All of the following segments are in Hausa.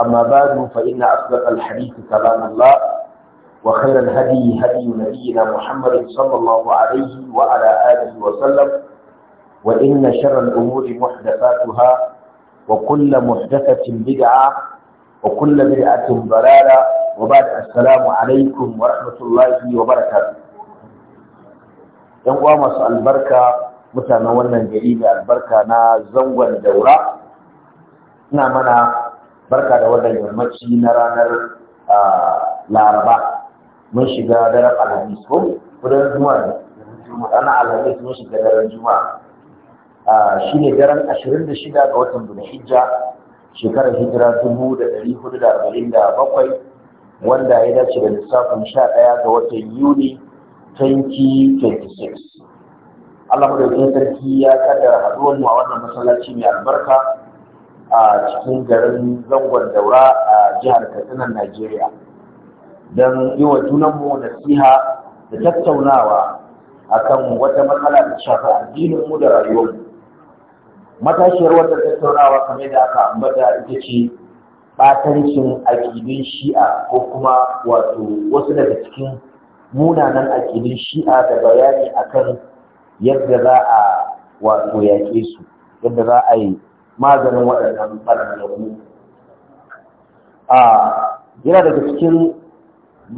أما بعد فإن أصدق الحديث كلام الله وخير الهدي هدي نبينا محمد صلى الله عليه وعلى آله وسلم وإن شر الأمور محدثاتها وكل محدثة بدعة وكل بدعة ضلالة وبعد السلام عليكم ورحمة الله وبركاته ‘Yan uwa البركة albarka mutanen wannan gari mai albarka na zangon barka da wannan yammaci na ranar laraba mun shiga daren alhamis ko kudin juma'a ranar alhamis mun shiga daren juma'a shi ne daren 26 ga watan bin hijja shekarar hijira 1447 wanda ya dace da lissafin 11 ga watan yuni 2026 Allah madaukakin sarki ya kaddara haɗuwar mu a wannan masallaci mai albarka a cikin garin zangon daura a jihar katsina najeriya don yi wa junanmu nasiha da tattaunawa a kan wata matsala da shafi addinin mu da rayuwarmu matashiyar wata tattaunawa kamar da aka ambata ita ce batancin aƙidun shi'a ko kuma wato wasu daga cikin munanan aƙidun shi'a da bayani akan yadda za a wato yaƙe su yadda za a yi maganin waɗannan ɓararrabu a yana daga cikin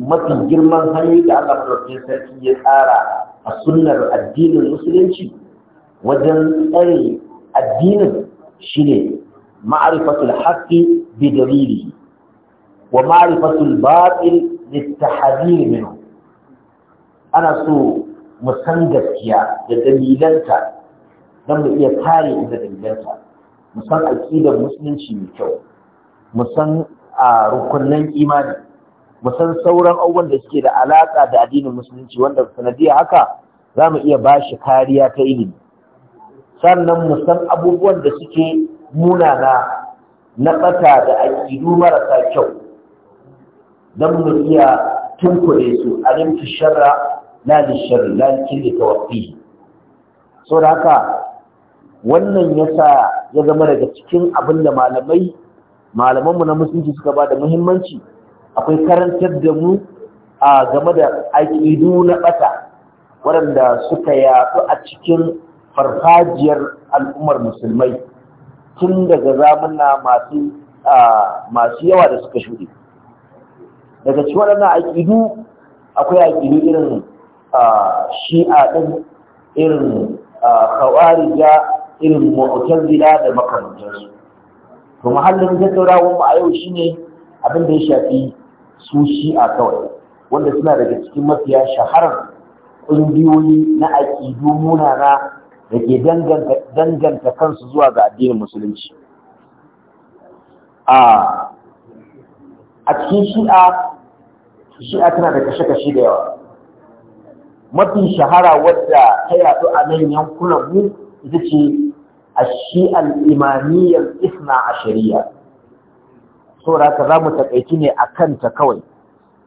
mafi girman hanyoyi da Allah madaukakin sarki ya tsara a sunnar addinin musulunci wajen tsare addinin shine ma'rifatul haqqi bi dalili wa ma'arifatul batil littahadiri minhu ana so mu san gaskiya da dalilanta don mu iya kare da dalilanta mu san musulunci mai kyau mu san a rukunnan imani mu san sauran abubuwan da suke da alaƙa da addinin musulunci wanda sanadiyar haka za mu iya ba shi kariya ta ilimi sannan mu san abubuwan da suke munana na ɓata da aƙidu marasa kyau don mu iya tunkure su alimtu sharra la li da la li da da haka wannan ya sa ya zama daga cikin abin da malamai malamanmu na musulunci suka ba da muhimmanci akwai karantar da mu a game da aƙidu na ɓata waɗanda suka yaɗu a cikin farfajiyar al'ummar musulmai tun daga zamuna masu masu yawa da suka shuɗe daga cikin waɗannan aƙidu akwai aƙidu irin shi'a ɗin irin kawarija irin gida da makarantarsu to muhallin tattaunawar mu a yau shine abin da ya shafi su shi'a kawai wanda suna daga cikin mafiya shaharar ƙungiyoyi na aƙidu munana da ke danganta kansu zuwa ga addinin musulunci a cikin shi'a shi'a tana da kashe-kashe da yawa mafi shahara wadda ta yato a nan yankunan mu ita ce a الشيعة الإمامية الإثنى عشرية سورة كذام تقيتني أكنت kawai.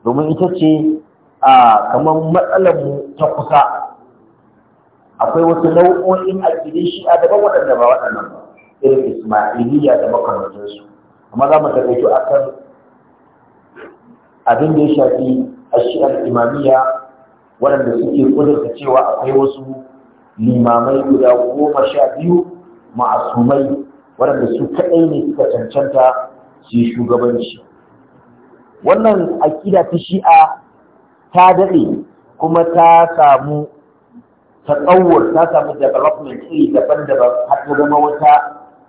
domin ita ce a kamar matsalarmu ta kusa akwai wasu nau'o'in aƙidin daban waɗanda ba waɗannan ba irin ismailiyya da makarantarsu. Kama za mu taƙaito a kan abin da ya shafi a shi'ar imamiyya waɗanda suke ƙudurta cewa akwai wasu limamai guda goma sha biyu ma'asumai waɗanda su kaɗai ne suka cancanta su yi shugabanci wannan aƙida ta shi'a ta daɗe kuma ta samu tatsawar ta samu development iri daban-daban har ta zama wata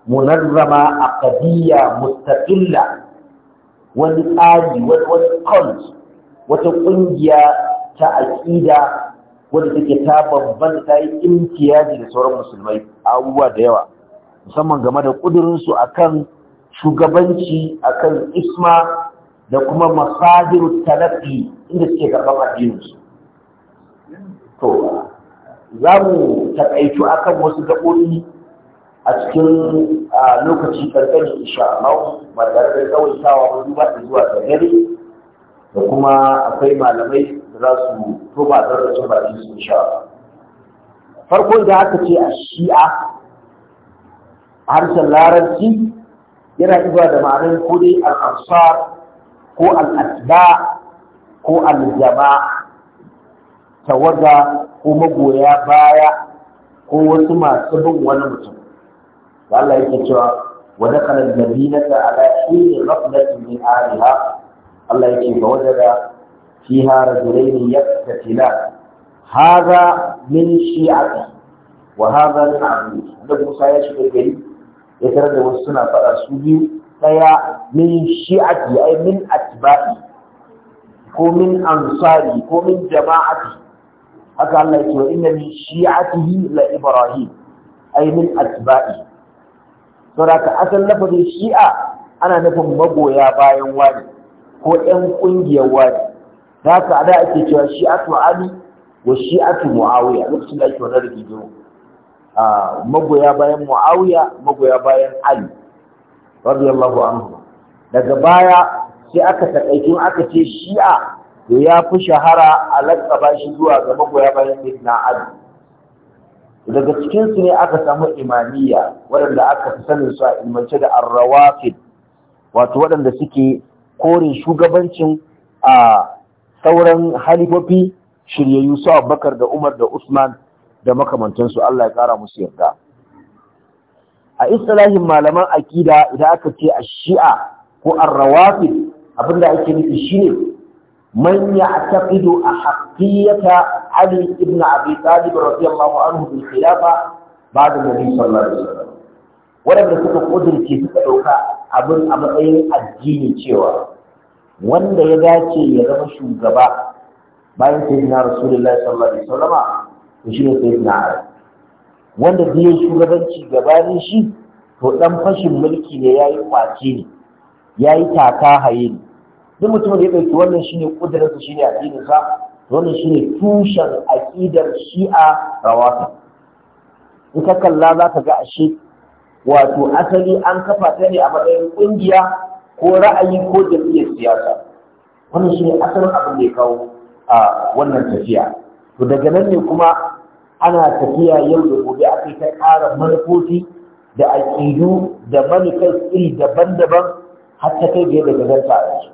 munazzama aqdiyya mustaqilla wani tsari wani cult wata ƙungiya ta aƙida wadda take ta babban ta yi imtiyaji da sauran musulmai abubuwa da yawa musamman game da ƙudurinsu a kan shugabanci a kan isma da kuma masadiru talafi inda suke karɓar addininsu to za mu taƙaitu a wasu gaɓoɓi a cikin lokaci ƙarƙari insha Allah ba tare da tsawaitawa ba da zuwa da dare da kuma akwai malamai da za su tuba da rasu baki su sha farkon da aka ce a shi'a harshen larabci yana zuwa da ma'anar ko dai al ko al ko al tawaga ko magoya baya ko wasu masu bin wani mutum da Allah yake cewa wa dakhala al-madinata ala hini ghaflatin min ahliha Allah ya ce ga wajada fiha rajulaini yaqtatila Haza min shi'ati wa hadha min abdi da Musa ya shiga gari ya tarar da wasu suna faɗa su biyu ɗaya. min shi'ati ay min atba'i ko min ansari ko min jama'ati haka Allah ya ce wa inna min shi'atihi la ibrahim ay min atba'i saboda ka asalin lafazin shi'a ana nufin magoya bayan wani ko yan ƙungiyar wani da ka ada ake cewa shi'atu ali wa shi'atu muawiya lokacin da ake wannan rigido a magoya bayan muawiya magoya bayan ali radiyallahu anhu daga baya sai aka taƙaitu aka ce shi'a to ya fi shahara a laƙaba shi zuwa ga magoya bayan na ali daga cikinsu ne aka samu imaniya waɗanda aka fi sanin su a ilmance da arrawafin wato waɗanda suke kore shugabancin a sauran halifofi shiryayyu su abubakar da umar da usman da makamantansu allah ya kara musu yarda a istilahin malaman akida idan aka ce a shi'a ko a rawafi abinda ake nufi shine man ya'taqidu a hafiyata ali ibn abi talib radiyallahu anhu bil khilafa ba'da nabi sallallahu alaihi wasallam waɗanda suka ƙudurce suka ɗauka abin a matsayin addini cewa wanda ya dace ya zama shugaba bayan sai na rasulullahi sallallahu alaihi wasallama to shi ne sai na wanda biye shugabanci gaba ne shi to dan fashin mulki ne yayi kwace ne yayi taka haye ne duk mutumin da ya ɗauki wannan shi shine shi ne addinin sa wannan shi ne tushen aƙidar shi'a rawata, in ka kalla za ka ga ashe wato asali an kafa ta ne a matsayin ƙungiya ko ra'ayi ko jam'iyyar siyasa wannan shi ne asalin abin da ya kawo a wannan tafiya to daga nan ne kuma ana tafiya yau da gobe aka ta ƙara manufofi da aƙidu da manufar iri daban-daban har ta kai ga yadda gazanta a yanzu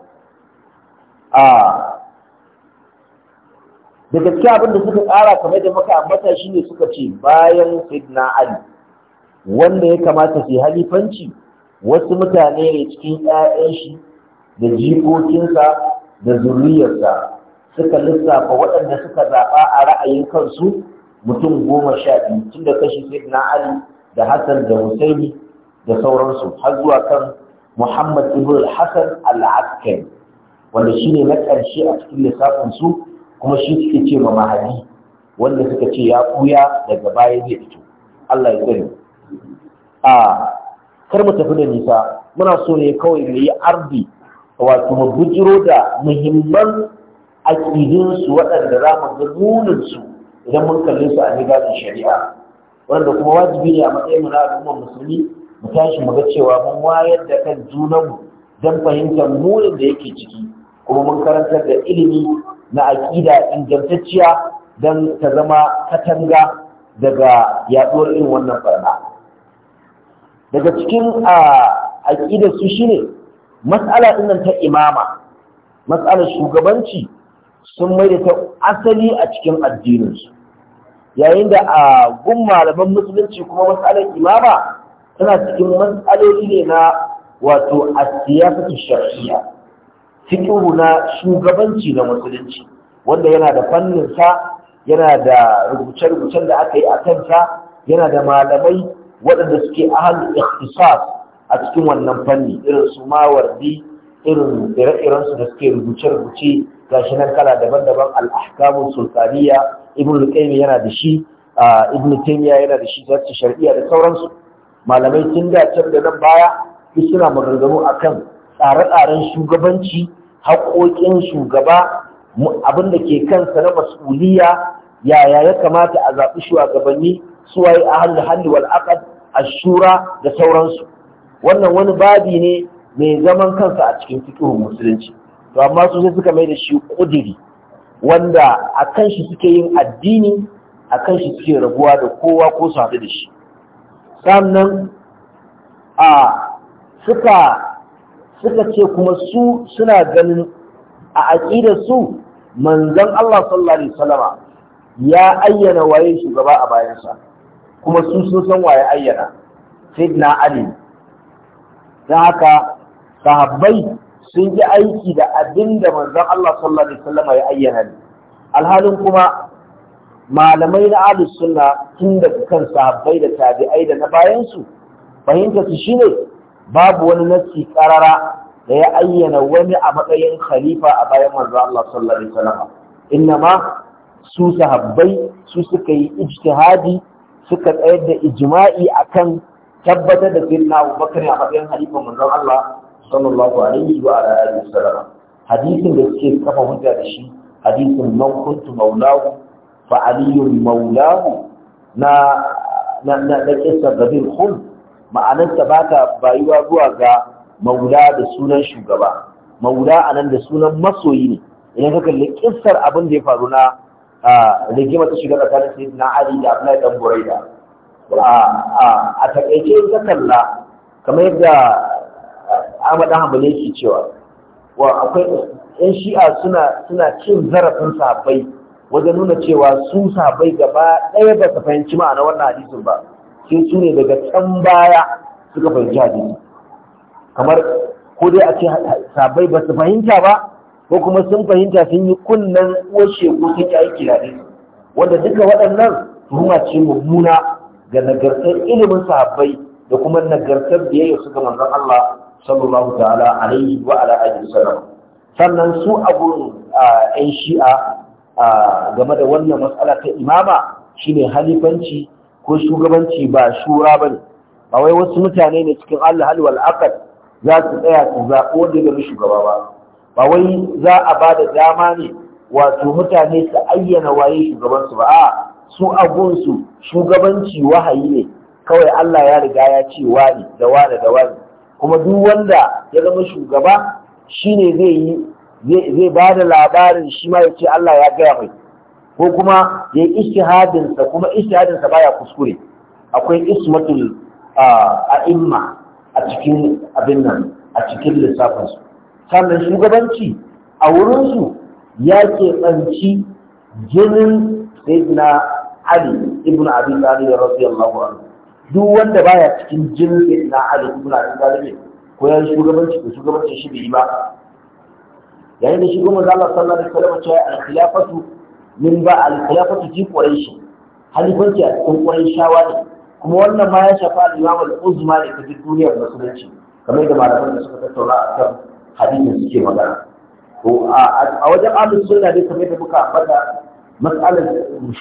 da gaskiya abin da suka ƙara kamar da muka ambata ne suka ce bayan sidna ali wanda ya kamata su halifanci wasu mutane ne cikin 'ya'yan shi da jikokinsa da zuriyarsa suka lissafa waɗanda suka zaɓa a ra'ayin kansu mutum goma sha biyu tun da kashi sai na ali da hassan da husaini da sauransu har zuwa kan muhammad ibn hassan al-askari wanda shi ne na ƙarshe a cikin lissafinsu kuma shi suke ce ma mahadi wanda suka ce ya ɓuya daga baya zai fito allah ya tsare a kar mu tafi da nisa muna so ne kawai mu yi ardi wato mu bujiro da muhimman aƙidinsu waɗanda za mu ga nunansu idan mun kalli su a nigalin shari'a wanda kuma wajibi ne a matsayin na al'ummar musulmi mu tashi mu ga cewa mun wayar da kan mu don fahimtar munin da yake ciki kuma mun karantar da ilimi na aƙida ingantacciya don ta zama katanga daga yaɗuwar irin wannan barna daga cikin aƙidar su shine mas'ala ɗinnan ta imama mas'alar shugabanci sun mai da ta asali a cikin addininsu yayin da a gun malaman musulunci kuma mas'alar imama tana cikin matsaloli ne na wato a ta shari'a Cikin na shugabanci na musulunci wanda yana da fanninsa yana da rubuce-rubucen da aka yi a kansa yana da malamai waɗanda suke ahal ikhtisas a cikin wannan fanni irin su mawardi irin ire-iren su da suke rubuce-rubuce gashi nan kala daban-daban al sultaniya ibn al yana da shi ibn taymiya yana da shi zai shar'iyya da sauransu malamai tun da can da nan baya Su suna maganganu kan tsare-tsaren shugabanci haƙoƙin shugaba abin da ke kansa na mas'uliya yaya ya kamata a zaɓi shugabanni suwaye ahlul halli wal aqd ashura da sauransu wannan wani babi ne mai zaman kansa a cikin fiqhul musulunci to amma su sai suka mai da shi kudiri wanda akan shi suke yin addini akan shi suke rabuwa da kowa ko su haɗu da shi sannan a suka ce kuma su suna ganin a aƙidar su manzon Allah sallallahu alaihi wasallama ya ayyana waye shugaba a bayansa kuma su sun san waye ayyana sayyidina ali don haka sahabbai sun yi aiki da abin da manzon Allah sallallahu alaihi wasallam ya ayyana ne alhalin kuma malamai na ahlus sunna tun daga kan sahabbai da tabi'ai da na bayan su fahimta su shine babu wani nassi karara da ya ayyana wani a matsayin khalifa a bayan manzon Allah sallallahu alaihi wasallam inna ma su sahabbai su suka yi ijtihadi suka tsayar da ijma'i akan tabbatar da sayyidina Abubakar a matsayin halifan manzon Allah sallallahu alaihi wa alihi wasallam hadisin da suke kafa hujja da shi hadisin man kuntu maulahu fa aliyun maulahu na na na da kissa khul ba ta bayuwa zuwa ga maula da sunan shugaba maula anan da sunan masoyi ne idan ka kalli kissar abin da ya faru na rigima ta shiga tsakanin sai na ali da abdullahi dan buraida a takaice ta kalla kamar yadda ahmad hanbali yake cewa wa akwai ƴan shi'a suna suna cin zarafin sahabbai wajen nuna cewa su sahabbai gaba ɗaya ba su fahimci ma'ana wannan hadisin ba sai su ne daga can baya suka fahimci hadisi kamar ko dai a ce sahabbai ba su fahimta ba ko kuma sun fahimta sun yi kunnen washe ko sun yi aiki da ne wanda duka waɗannan tuhuma ce mummuna ga nagartar ilimin sahabbai da kuma nagartar biyayya su ga manzon Allah sallallahu ta'ala alaihi wa ala alihi wasallam sannan su abun ɗan shi'a game da wannan matsala ta imama shine halifanci ko shugabanci ba shura bane ba wai wasu mutane ne cikin Allah halwal aqad za su tsaya su zaɓo daga shugaba ba ba wai za a ba da dama ne wato mutane su ayyana waye shugabansu ba a su abunsu shugabanci wahayi ne kawai Allah ya riga ya ce wani da wani da wani kuma duk wanda ya zama shugaba shine zai yi zai ba da labarin shi ma ya ce Allah ya gaya mai ko kuma ya yi ishihadinsa kuma ishihadinsa baya kuskure akwai ismatul ah, a'imma a cikin abin nan a cikin lissafinsu sannan shugabanci a wurinsu ya keɓanci jinin sayyidina ali ibn abi talib radiyallahu anhu duk wanda baya cikin jinin sayyidina ali ibn abi talib ko ya shugabanci ko shugabancin shi bai ba yayin da shi goma zalla sallallahu alaihi wasallam cewa al-khilafatu min ba al-khilafatu ji quraishi halifanci a cikin quraishawa ne kuma wannan ma ya shafa al-imam al-uzma da ta duniyar musulunci kamar da malaman da suka tattauna a kan hadisin suke magana to a wajen ahlus sunna dai kamar da muka faɗa matsalar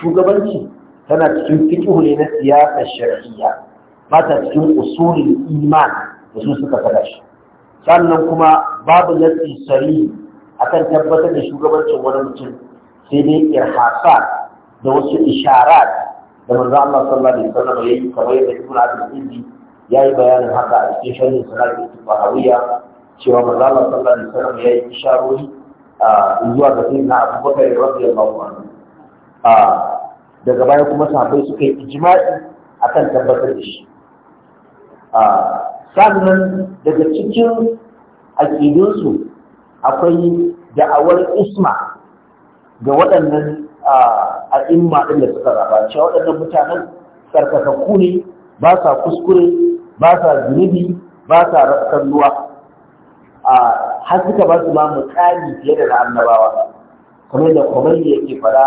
shugabanci tana cikin fiqhu ne na siyasa shar'iyya ba ta cikin usulul iman da su suka faɗa shi sannan kuma babu nasi sari akan tabbatar da shugabancin wani mutum sai dai irhasa da wasu isharat da manzo Allah sallallahu alaihi wasallam yayi kamar yadda Ibn Abi Sindi yayi bayanin haka a cikin sharhin Salatul Fahawiyya cewa za a sallar da wasallam ya yi isharori zuwa ga na Abu Bakar radiyallahu a daga baya kuma sahabbai suka yi A kan tabbatar da shi a sannan daga cikin aƙidunsu akwai da'awar isma ga waɗannan a'imma ɗin da suka raba cewa waɗannan mutanen sarkakakku ne ba sa kuskure ba sa zunubi ba sa rassan ruwa har suka ba su ma mukami fiye da na annabawa kamar da kwamari yake fara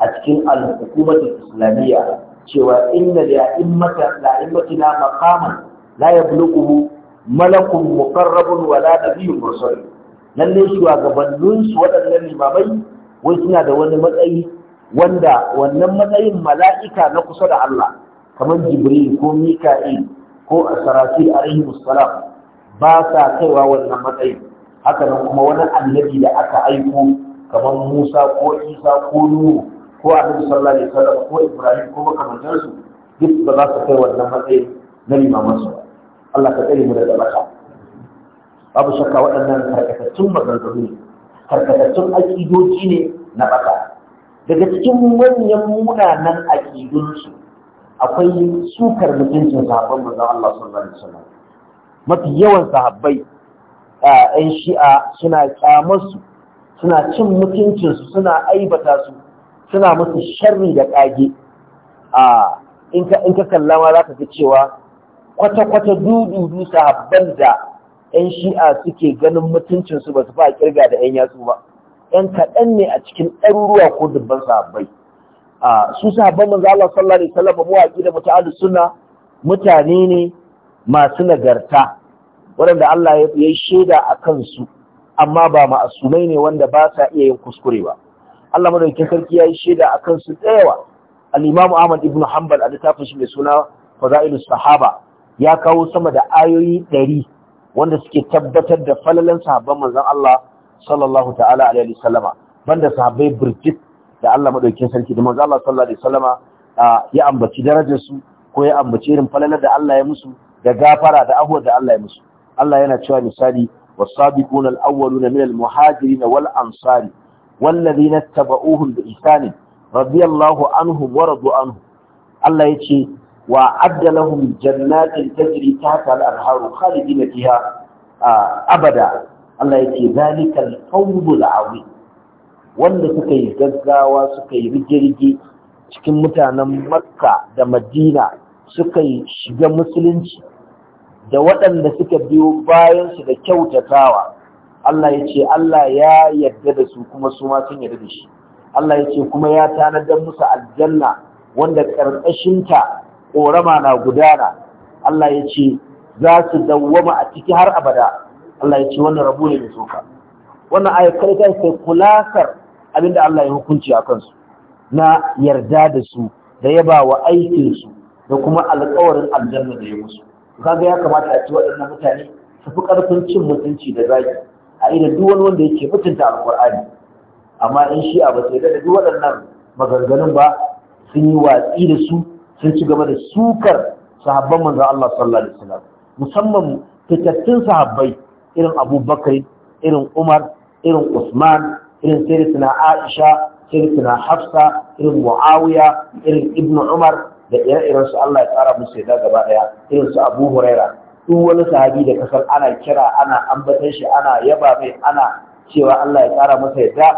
a cikin al-hukumatul islamiyya cewa inna da immata la immatina maqaman la yablughu malakun muqarrabun wa la nabiyyun mursal lalle shugabannin su waɗannan limamai wai suna da wani matsayi wanda wannan matsayin mala'ika na kusa da Allah kamar Jibril ko Mika'il ko Asrafil alaihi salam ba sa kaiwa wannan matsayi haka nan kuma wani annabi da aka aiko kamar Musa ko Isa ko Nuhu ko Annabi sallallahu alaihi wasallam ko Ibrahim ko makamantansu duk ba za su kai wannan matsayi na limaman su Allah ka tsare mu daga baka babu shakka waɗannan karkatattun maganganu ne karkatattun akidoji ne na baka daga cikin manyan munanan akidunsu akwai sukar mutuncin sahabban manzon Allah sallallahu alaihi wasallam mafi yawan sahabbai ‘yan shi'a suna kyamarsu suna cin mutuncinsu suna aibata su suna musu sharri da ƙage in ka kallama za ka fi cewa kwata-kwata dududu sahabban da ‘yan shi'a suke ganin mutuncinsu ba su fa kirga da ‘yan yatsu ba ‘yan kaɗan ne a cikin ɗaruruwa ko dubban sahabbai su sahabban manzala sallari da alaihi wasallam mu da mutane ne masu nagarta waɗanda Allah ya yi shaida a kansu amma ba ma'asumai ne wanda ba sa iya yin kuskure ba Allah madaukakin sarki ya yi shaida a kansu tsayawa al-Imam Ahmad ibn Hanbal a littafin shi mai suna Fadailus Sahaba ya kawo sama da ayoyi ɗari wanda suke tabbatar da falalan sahabban manzon Allah sallallahu ta'ala alaihi banda sahabbai birjit da Allah madaukakin sarki da manzon Allah sallallahu alaihi ah, ya ambaci darajar su ko ya ambaci irin falalar da Allah ya musu da gafara da abuwa da Allah ya musu. Allah yana cewa misali wasabiqun al-awwalun min al-muhajirin wal ansari walladhina taba'uuhum bi ihsanin radiyallahu anhum wa radu anhum Allah yace wa adda lahum jannatin tajri tahta al a khalidina fiha abada a yace zalika al-fawzul azim wanda suka yi gaggawa suka yi rigirgi cikin mutanen Makka da Madina suka shiga musulunci da waɗanda suka biyo bayansu da kyautatawa Allah ya ce Allah ya yarda da su kuma su ma sun yarda da shi Allah ya ce kuma ya tanadar musu aljanna wanda ƙarƙashinta ƙorama na gudana Allah ya ce za su dawwama a ciki har abada Allah ya ce wannan rabu ne da soka wannan ayakar ta kai kulasar abinda Allah ya hukunci a kansu na yarda da su da yaba wa aikinsu da kuma alƙawarin aljanna da ya musu kaga ya kamata a ci waɗannan mutane su fi ƙarfin cin mutunci da zaki a idan duk wani wanda yake mutunta alƙur'ani amma in shi a basu yarda da duk waɗannan maganganun ba sun yi watsi da su sun ci gaba da sukar sahabban manzo Allah sallallahu alaihi wasallam musamman fitattun sahabbai irin Abu irin Umar irin Usman irin sayyidina Aisha sayyidina Hafsa irin Muawiya irin Ibn Umar da ire-iren su Allah ya tsara musu da gaba ɗaya. irin su Abu Huraira duk wani sahabi da kasar ana kira ana ambatan shi ana yaba mai ana cewa Allah ya tsara masa yadda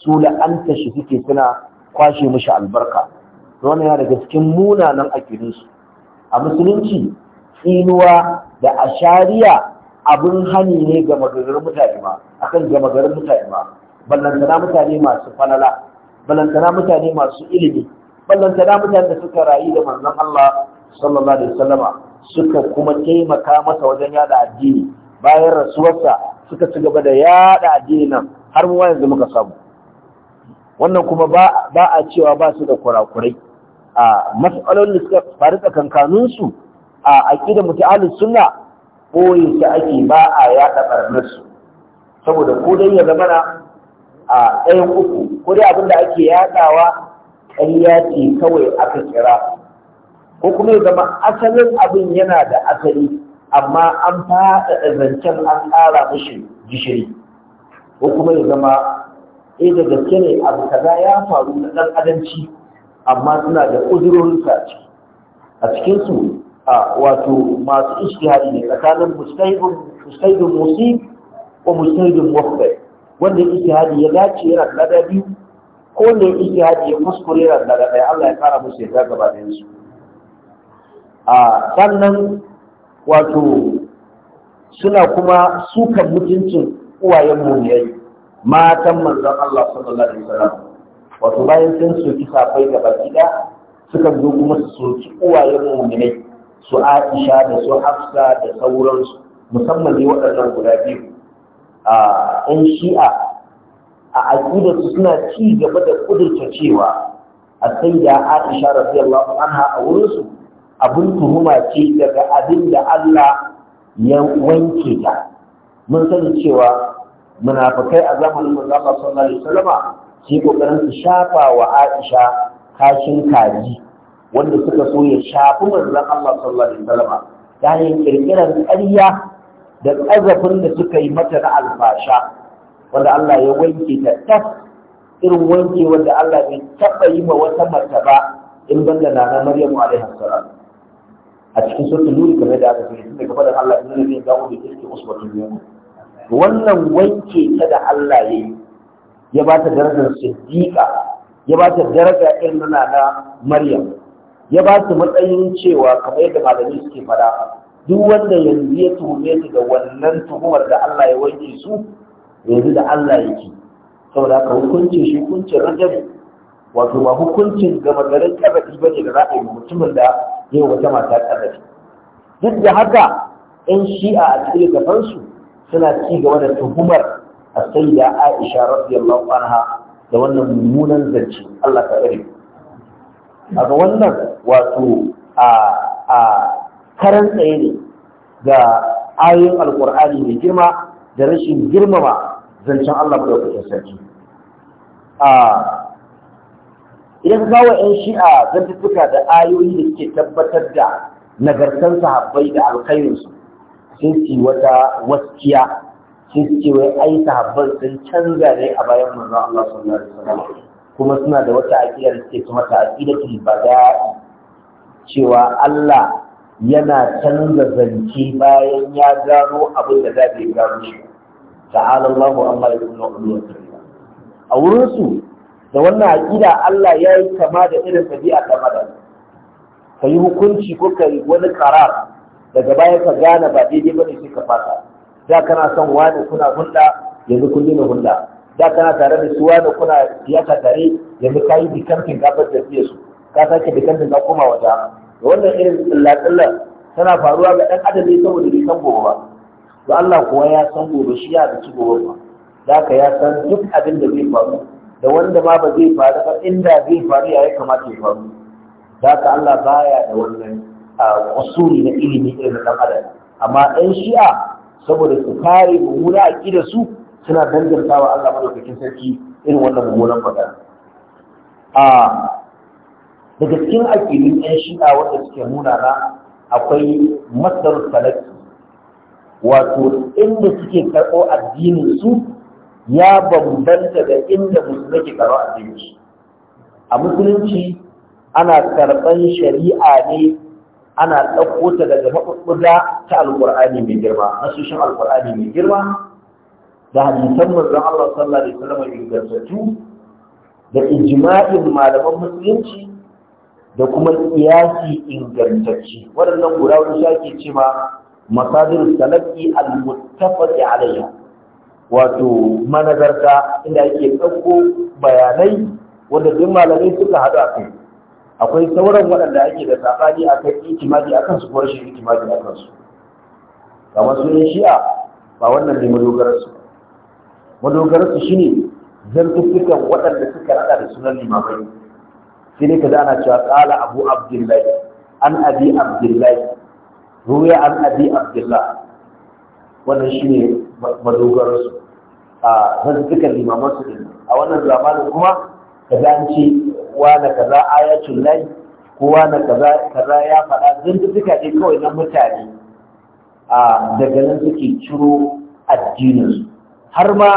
su la'anta shi suke suna kwashe mishi albarka wannan yana daga cikin munanan akidun su a musulunci tsinuwa da ashariya abin hani ne ga magarin mutane ma akan ga magarin mutane ma ballantana mutane masu falala ballantana mutane masu ilimi ballanta da mutane da suka rayu da manzon Allah sallallahu alaihi wasallama suka kuma taimaka masa wajen yada addini bayan rasuwarsa suka ci gaba da yada addini nan har mu yanzu muka samu wannan kuma ba ba a cewa ba su da kurakurai a mas'alolin da suka faru tsakankanin su a aqida mutahallis sunna ko su ake ba a yada barnar su saboda ko dai ya zama a ɗayan uku ko dai abin da ake yadawa ƙarya ce kawai aka kira ko kuma zama asalin abin yana da asali amma an faɗaɗa zancen an ƙara mashi gishiri ko kuma zama eh da gaske ne abu kaza ya faru da ɗan adamci amma suna da uzurorin sa a cikinsu a wato masu ishtihari ne tsakanin mustahidin musib ko mustahidin wanda ishtihari ya dace yana da biyu ko ne ijtihadi ya kuskure ran daga ɗaya Allah ya kara musu yadda gaba ɗayan su a sannan wato suna kuma sukan mutuncin uwayen mu'minai matan manzon Allah sallallahu alaihi wasallam wato bayan sun soki safai gaba ɗaya suka zo kuma su soki uwayen mu'minai su Aisha da su Hafsa da sauransu musamman ne waɗannan guda biyu a 'yan shi'a a su suna ci gaba da ƙudurta cewa a sai da aisha radiyallahu anha a wurinsu abin tuhuma ce daga abin da Allah ya wanke ta mun sani cewa munafikai a zamanin manzo sallallahu alaihi wasallama sai kokarin su shafa wa Aisha kashin kaji wanda suka so ya shafi manzo Allah sallallahu alaihi wasallama yayin kirkirar ƙarya da ƙazafin da suka yi mata na alfasha wanda Allah ya wanke ta tas irin wanke wanda Allah bai taɓa yi ma wata mace ba in banda na na Maryamu alaihi salam a cikin suratul nur kamar da aka ce tun daga faɗin Allah inna lillahi wa inna ilaihi usbatun yawm wannan wanke ta da Allah ya yi ya ba ta darajar siddiqa ya ba ta daraja irin na na Maryam ya ba ta matsayin cewa kamar yadda malamai suke fara duk wanda yanzu ya tuhume su da wannan tuhumar da Allah ya wanke su yanzu da Allah yake saboda haka hukuncin shi hukuncin rajabi wato ba hukuncin gama garin ba bane da za a yi mutumin da ya yi wata mata kazafi duk da haka yan shi'a a cikin gafansu suna ci gaba da tuhumar a sayyida Aisha radiyallahu anha da wannan mummunan zance Allah ka tsare aga wannan wato a a karan tsaye ne ga ayoyin alkur'ani mai girma da rashin girmama zancen Allah madaukakin sarki a idan ka kawo yan shi'a zantuttuka da ayoyi da suke tabbatar da nagartan sahabbai da alkhairinsu sun ci wata waskiya sun ce wai ai sahabban sun canza ne a bayan manzon Allah sallallahu alaihi wasallam kuma suna da wata aqida da suke kuma ta aqidatul bada'i cewa Allah yana canza zance bayan ya gano abin da zai gano shi ta'ala Allahu amma yaduna uluwa a wurin su da wannan aqida Allah ya yi kama da irin tabi'a ta madan ka yi hukunci ko ka yi wani karar daga baya ka gane ba daidai ba ne sai ka fata da kana son wani kuna hulɗa yanzu kun dina hulɗa da kana tare da su wani kuna siyasa tare yanzu ka yi bikantin gabar da fiye su ka sake bikantin ka koma wata wannan irin tsallatsallar tana faruwa ga ɗan adam ne saboda bai san gobe ba to Allah kuwa ya san gobe shi ya ci gobe ba da ka ya san duk abin da zai faru da wanda ma ba zai faru ba inda zai faru ya kamata ya faru da ka Allah baya da wannan usuli na ilimi irin na adam amma ɗan shi'a saboda su kare mummuna a ƙi da su suna danganta wa Allah madaukakin sarki irin wannan mummunan magana a daga cikin aƙidun ɗan shi'a wanda suke munana akwai masdar wato inda suke karɓo addinin su ya bambanta da inda musulmi ke karɓo addinin a musulunci ana karɓan shari'a ne ana ɗauko ta daga maɓuɓɓuga ta alƙur'ani mai girma na alƙur'ani mai girma da hadisan manzon Allah sallallahu alaihi wasallam ingantattu da ijma'in malaman musulunci da kuma kiyasi ingantacce waɗannan guda wani shi ce ma masadir salafi al-muttafaqi alayha wato manazarta inda ake ɗauko bayanai wanda duk malamai suka haɗu kai akwai sauran waɗanda ake da saɓani a kan itimadi a kansu ko shi itimadi a kansu kamar su shi'a ba wannan ne su madogararsu su shine zantukkan waɗanda suka rada da sunan limamai sai ne kaza ana cewa qala abu abdullahi an abi abdullahi ruwa an abi abdullah wannan shi ne madogararsu a zazzukan limamansu ne a wannan zamanin kuma ka za ce na kaza ayatul lahi ko wane na kaza ya faɗa zazzuka ne kawai na mutane a daga nan suke ciro addininsu har ma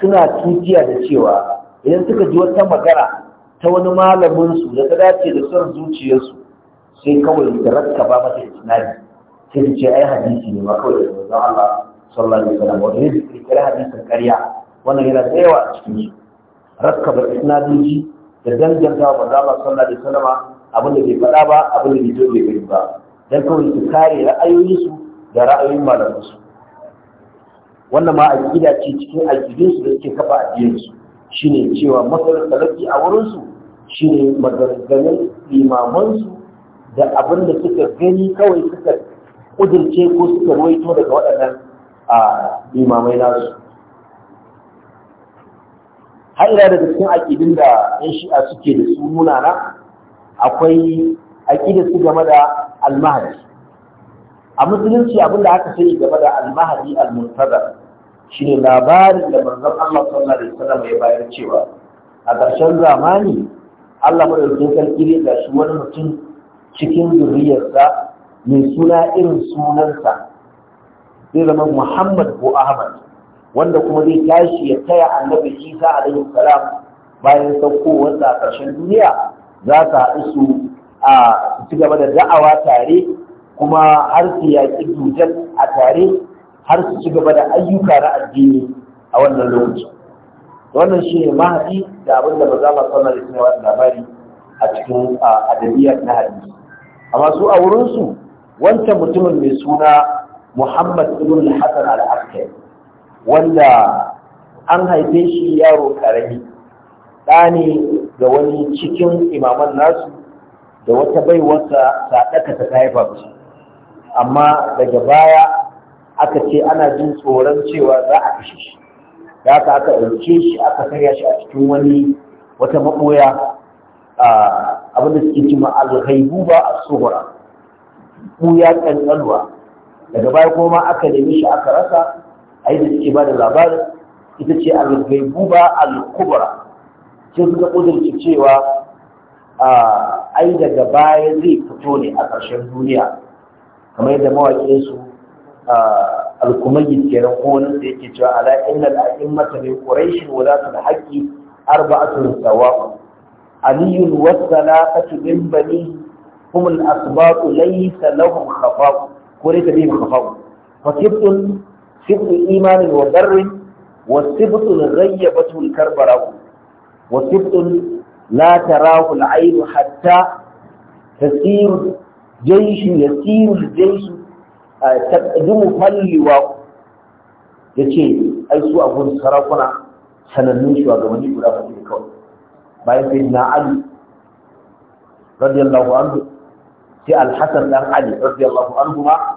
suna tutiya da cewa idan suka ji wata magana ta wani malaminsu da ta dace da son zuciyarsu sai kawai da ba mata tunani. sai ce ai hadisi ne ma kawai da manzon Allah sallallahu alaihi wasallam wanda yake kirkira hadisin ƙarya wannan yana da yawa a cikin shi rakkaba isnadoji da danganta wa manzon Allah sallallahu alaihi wasallam abin da bai faɗa ba abin da bai zo bai gani ba dan kawai su kare ra'ayoyinsu da ra'ayoyin su wannan ma aqida ce cikin su da suke kafa su shine cewa masalan salafi a wurinsu shine maganganun imamansu da abin da suka gani kawai suka ƙudurce ko suka ruwaito daga waɗannan a limamai nasu haira da cikin aƙidin da 'yan shi'a suke da su na akwai aƙidar su game da almahadi a musulunci abin da aka sani game da almahadi almuntazar shi ne labarin da manzon Allah sallallahu alaihi wasallam ya bayar cewa a ƙarshen zamani Allah madaukakin sarki zai shi wani mutum cikin zuriyarsa mai suna irin sunansa zai zama muhammad ko ahmad wanda kuma zai tashi ya taya annabi isa alaihi salam bayan saukowarsa a ƙarshen duniya za su haɗu su a ci gaba da da'awa tare kuma har su yaƙi dujan a tare har su ci gaba da ayyuka na addini a wannan lokaci wannan shi ne mahadi da abin da ba za mu sanar da labari a cikin adabiyar na hadisi amma su a wurinsu wancan mutumin mai suna muhammad ibn hassan al-askari wanda an haife shi yaro karami ɗa ne ga wani cikin imaman nasu da wata baiwarsa sadaka ta haifa su amma daga baya aka ce ana jin tsoron cewa za a kashe shi da aka aka ɗauke shi aka karya shi a cikin wani wata maɓoya abinda suke cima alhaibu ba a tsohora ya ƙanƙanwa daga baya kuma aka nemi shi aka rasa a yi da suke ba da labarin ita ce al-gaibuba al-kubra sai suka ƙudurci cewa ai daga baya zai fito ne a ƙarshen duniya kamar yadda mawaƙinsu al-kumayyid kenan ko wani da yake cewa ala inna al-a'immata min quraish wa zatu al-haqqi arba'atun sawa'un aliyun wa salafatu min humul asbaqu laysa lahum khafa'u ko laysa bihim khafa'u fa sibtun sibtu imanin wa darrin wa sibtun ghayyabatu al-karbara wa sibtun la tarahu al-ayn yasir al-jaysh taqdimu yace ai su abun sarakuna sanannun shugabanni guda hudu kawai bayan sai na ali radiyallahu anhu sai alhassan dan ali radiyallahu anhu ma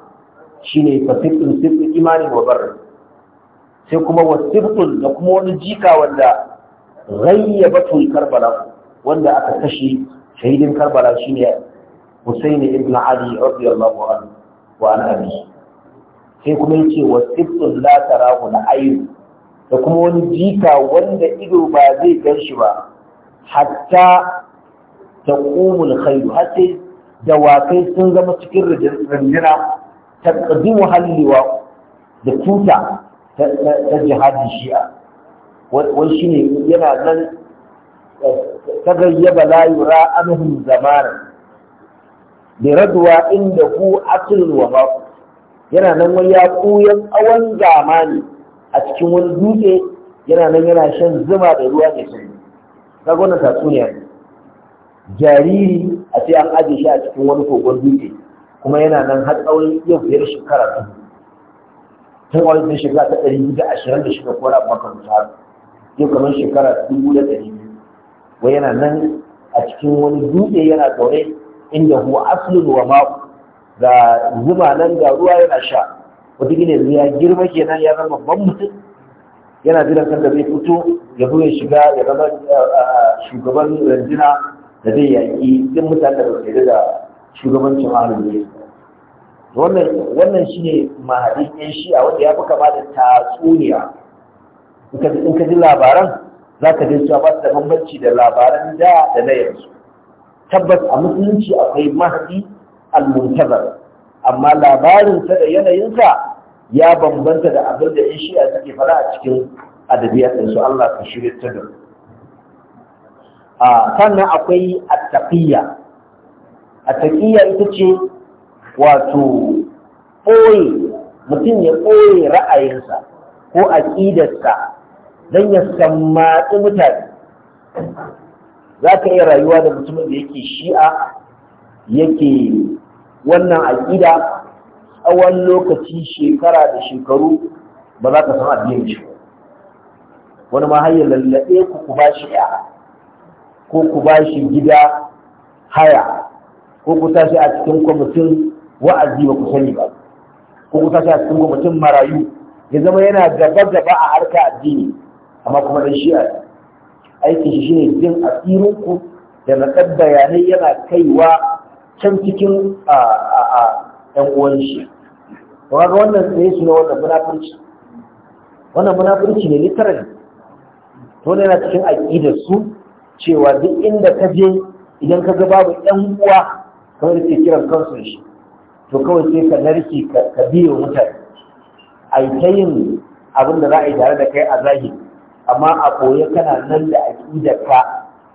shine fasiqul sirri imani wa barr sai kuma wasirtul da kuma wani jika wanda ghayyabatul karbala wanda aka kashe shahidin karbala shine Husayn ibn Ali radiyallahu anhu wa an abi sai kuma yace wasirtul la tarahu la ayn da kuma wani jika wanda ido ba zai gan shi ba hatta taqumul khayr har sai dawakai sun zama cikin rundunar ta ƙadumu halliwa da tuta ta jihadin shi'a wani shi ne yana nan eh, ta gayyaba layura anuhun zamana da raduwa inda ku asilin wa ba yana nan wani ya ƙuyan tsawon zamani a cikin wani dutse yana nan yana shan zuma da ruwa mai sanyi Ta wannan tatsuniya ne jariri a sai an ajiye shi a cikin wani kogon dutse kuma yana nan har tsawon yau fiye da shekara ta tun wani tun shiga ta ɗari biyu da ashirin da shiga, ko rabu maka musa yau kamar shekara dubu da ɗari biyu wai yana nan a cikin wani dutse yana tsaure inda huwa aslun wa ma ga zuma nan ga ruwa yana sha wata gina ya girma kenan ya zama babban mutum yana jiran sanda zai fito ya zo ya shiga ya zama eh, eh, shugaban rundunar da zai yaƙi ɗin mutane da ke da shugabancin ahalin ne wannan shi ne mahadin yan shi'a wanda ya fi kama da tatsuniya in ka ji labaran za ka ji cewa ba su da bambanci da labaran da da na yanzu tabbas a musulunci akwai mahadi al-muntazar amma labarinsa da yanayinsa ya bambanta da abin da yan shi'a suke fara a cikin adabiyar su Allah ka shirya ta da Ah, sannan akwai attaqiyya attaqiyya ita ce wato ɓoye mutum ya ɓoye ra'ayinsa ko aƙidarsa don ya sammatsi mutane za ka iya rayuwa da mutumin da yake shi'a yake wannan aƙida tsawon lokaci shekara da shekaru ba za ka san addinin shi wani ma har ku ku ba shi ko ku ba shi gida haya ko ku tashi a cikin kwamitin wa'azi ba ku sani ba ko ku tashi a cikin kwamitin marayu ya zama yana gaba-gaba a harka addini amma kuma dan shi'a aikin shi shine jin ku da naɗar bayanai yana kaiwa can cikin ‘yan uwan shi. ga wannan tsaye su ne wannan munafurci. Wannan munafurci ne literally. To ne yana cikin aƙidar su cewa duk inda ka je idan ka ga babu yan uwa kamar ke kiran kansu shi to kawai sai ka narke ka biyo mutane a yi ta yin abin da za a yi tare da kai a zahiri amma a koye kana nan da aƙidar ka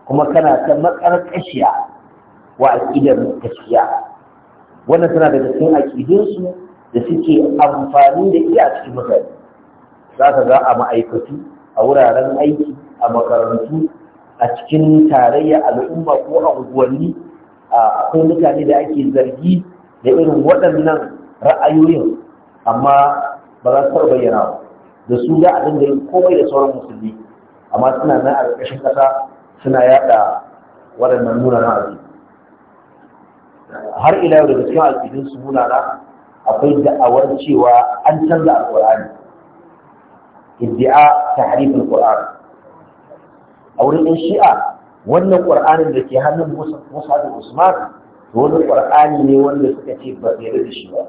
kuma kana ta makarƙashiya wa aƙidar gaskiya wannan tana daga cikin aƙidunsu da suke amfani da iya cikin mutane za ka ga a ma'aikatu a wuraren aiki a makarantu a cikin tarayya al'umma ko a unguwanni akwai mutane da ake zargi da irin waɗannan ra'ayoyin amma ba za su taɓa bayyana ba da su za a dinga yin komai da sauran musulmi amma suna nan a ƙarƙashin ƙasa suna yaɗa waɗannan na aji har ila yau daga cikin alfidin su na akwai da'awar cewa an canza alƙur'ani iddia ta harifin a wurin ɗan shi'a wannan ƙwar'anin da ke hannun musa da usman wani ƙwar'ani ne wanda suka ce ba zai da shi ba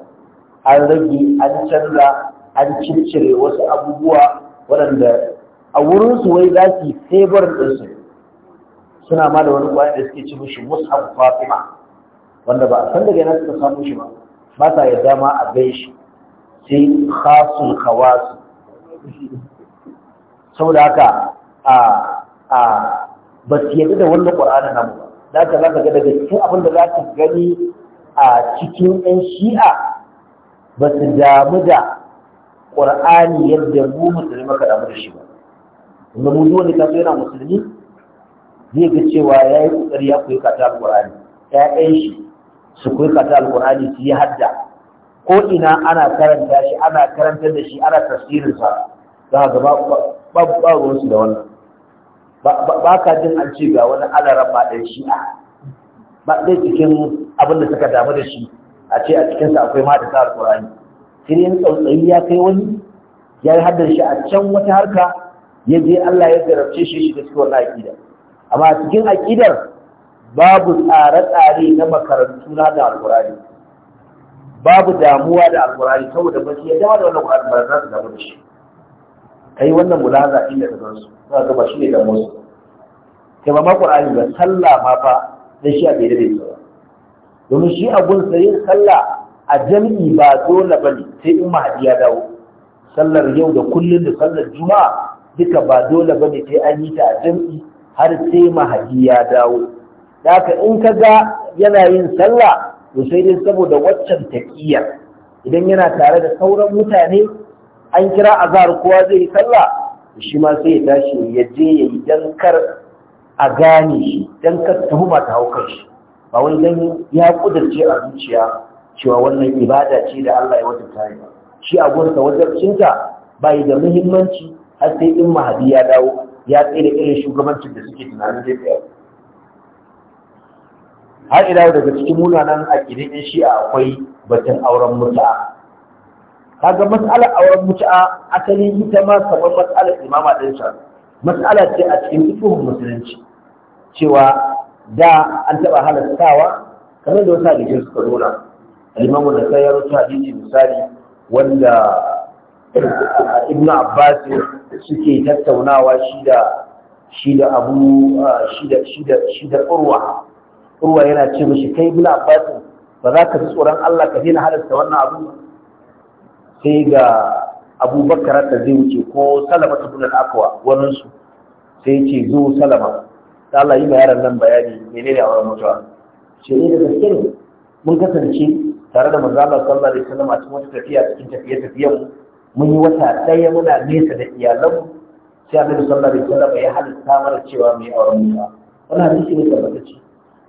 an rage an canza an ciccire wasu abubuwa waɗanda a wurin su wai za su yi ɗinsu suna ma da wani ƙwari da suke ci mushi musa fatima wanda ba a san daga yana suka samu shi ba ba sa yarda ma a gai shi sai khasul khawas saboda haka a a ba su yadda da wannan ƙwar'ani namu mu. za ta za ka ga daga cikin abin da za ka gani a cikin 'yan shi'a ba su damu da ƙwar'ani yadda mu musulmi maka damu da shi ba inda mu zuwa ne kasu yana musulmi zai ga cewa ya yi ƙoƙari ya koyi kata alƙur'ani ‘ya'yan shi su koyi kata alƙur'ani su yi hadda ko ina ana karanta shi ana karantar da shi ana tasirinsa. za ka ga babu ruwansu da wannan ba ka jin an ce ga wani alaran ma ɗan a ba cikin abin da suka damu da shi a ce a cikinsa akwai ma sa alƙur'ani sai yin tsautsayi ya kai wani ya yi haddar shi a can wata harka ya je Allah ya garabce shi shi da cikin wani aƙidar amma cikin aƙidar babu tsare-tsare na makarantu na da alƙur'ani babu damuwa da alƙur'ani saboda ba su yadda da wannan alƙur'ani ba za su damu da shi ka yi wannan mulaza inda ka gansu za ka ba shi ne dan wasu kai ba ma qur'ani ba sallah ma fa dan shi a bai dade ba domin shi abun sa yin sallah a jami'i ba dole ne sai in mahadi ya dawo sallar yau da kullun da sallar juma'a duka ba dole bane sai an yi ta a jami'i har sai mahadi ya dawo haka in ka ga yana yin sallah to sai dai saboda waccan taqiyya idan yana tare da sauran mutane an kira azhar kowa zai yi sallah shi ma sai ya tashi ya je ya yi dan a gane shi dan kar tuhuma ta hau kan shi ba wai dan ya kudurce a zuciya cewa wannan ibada ce da Allah ya wata tare ba shi a wajen cinta? ba yi da muhimmanci har sai in mahadi ya dawo ya tsere irin shugabancin da suke tunanin zai tsaya har ila daga cikin munanan a gidan shi'a akwai batun auren mutu'a kaga mas'ala a wurin mutu'a asali ita ma kamar mas'alar imama din sa mas'ala ce a cikin fiqhun musulunci cewa da an taba halastawa kamar da wasu hadisi suka nuna al-imamu da sai ya hadisi misali wanda ibn abbas suke tattaunawa shi da shi da abu shi da shi da shi da urwa urwa yana ce mishi kai ibn abbas ba za ka tsoron Allah ka daina halasta wannan abu sai ga abubakar da zai wuce ko salama ta bunan akawa, waninsu sai ce zo salama ta Allah yi yaran nan bayani ne a wani mutuwa ce ne eh, da gaske ne mun kasance tare da mazalar Allah sallallahu alaihi wasallam a cikin wata tafiya cikin tafiye tafiyen mun yi wata ɗaya muna nesa da iyalanmu sai annabi sallallahu alaihi wasallam ya halitta mana cewa mu yi auren mutuwa wannan hadisi ne tabbatacce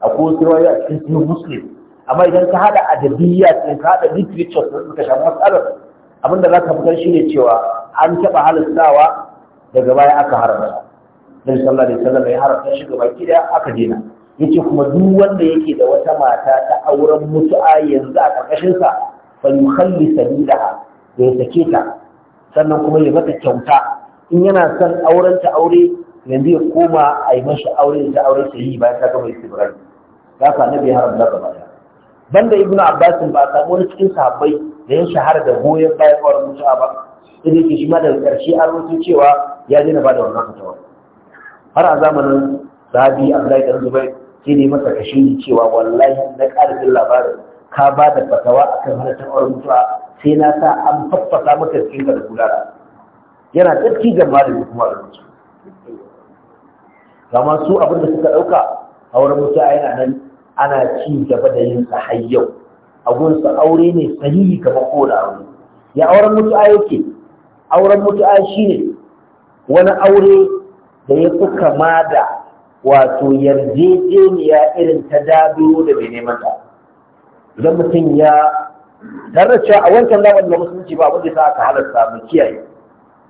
akwai ko rawayoyi a cikin muslim amma idan ka hada adabiyya ka hada literature suka shafi matsalar abinda za ka fitar shi ne cewa an taɓa halittawa daga baya aka haramta nabi sallallahu alaihi wasallam ya haramta shi gaba gida aka dena yace kuma duk wanda yake da wata mata ta auren mutu'a yanzu a karkashin sa fa yukhalli sabilaha ya sake ta sannan kuma ya mata kyauta in yana son auren ta aure yanzu ya koma a yi mashi aure da aure ta yi bayan ta gama istibrar haka annabi ya haramta gaba banda ibn abbas ba a wani cikin sahabbai da ya shahara da goyon bayan kawar mutuwa ba sai ke shi ma daga ƙarshe an rubuta cewa ya daina ba da wannan fatawa har a zamanin sahabi abdullahi dan zubair sai ne masa kashin cewa wallahi na ƙara jin labarin ka ba da fatawa akan halittar auren mutuwa sai na sa an faffasa maka cikin da gudana. yana tsarki ga malami kuma da mutu kama su abin da suka ɗauka a wurin mutu a yana nan ana ci gaba da yin sa har yau a sa aure ne sahihi kamar kowane aure ya auren mutu'a yake auren mutu'a ne. wani aure da ya fi kama da wato yarjejeniya irin ta dabiyo da bai neman ta idan mutum ya tare a wancan zamanin da musulunci ba abin da sa aka halarta mu kiyaye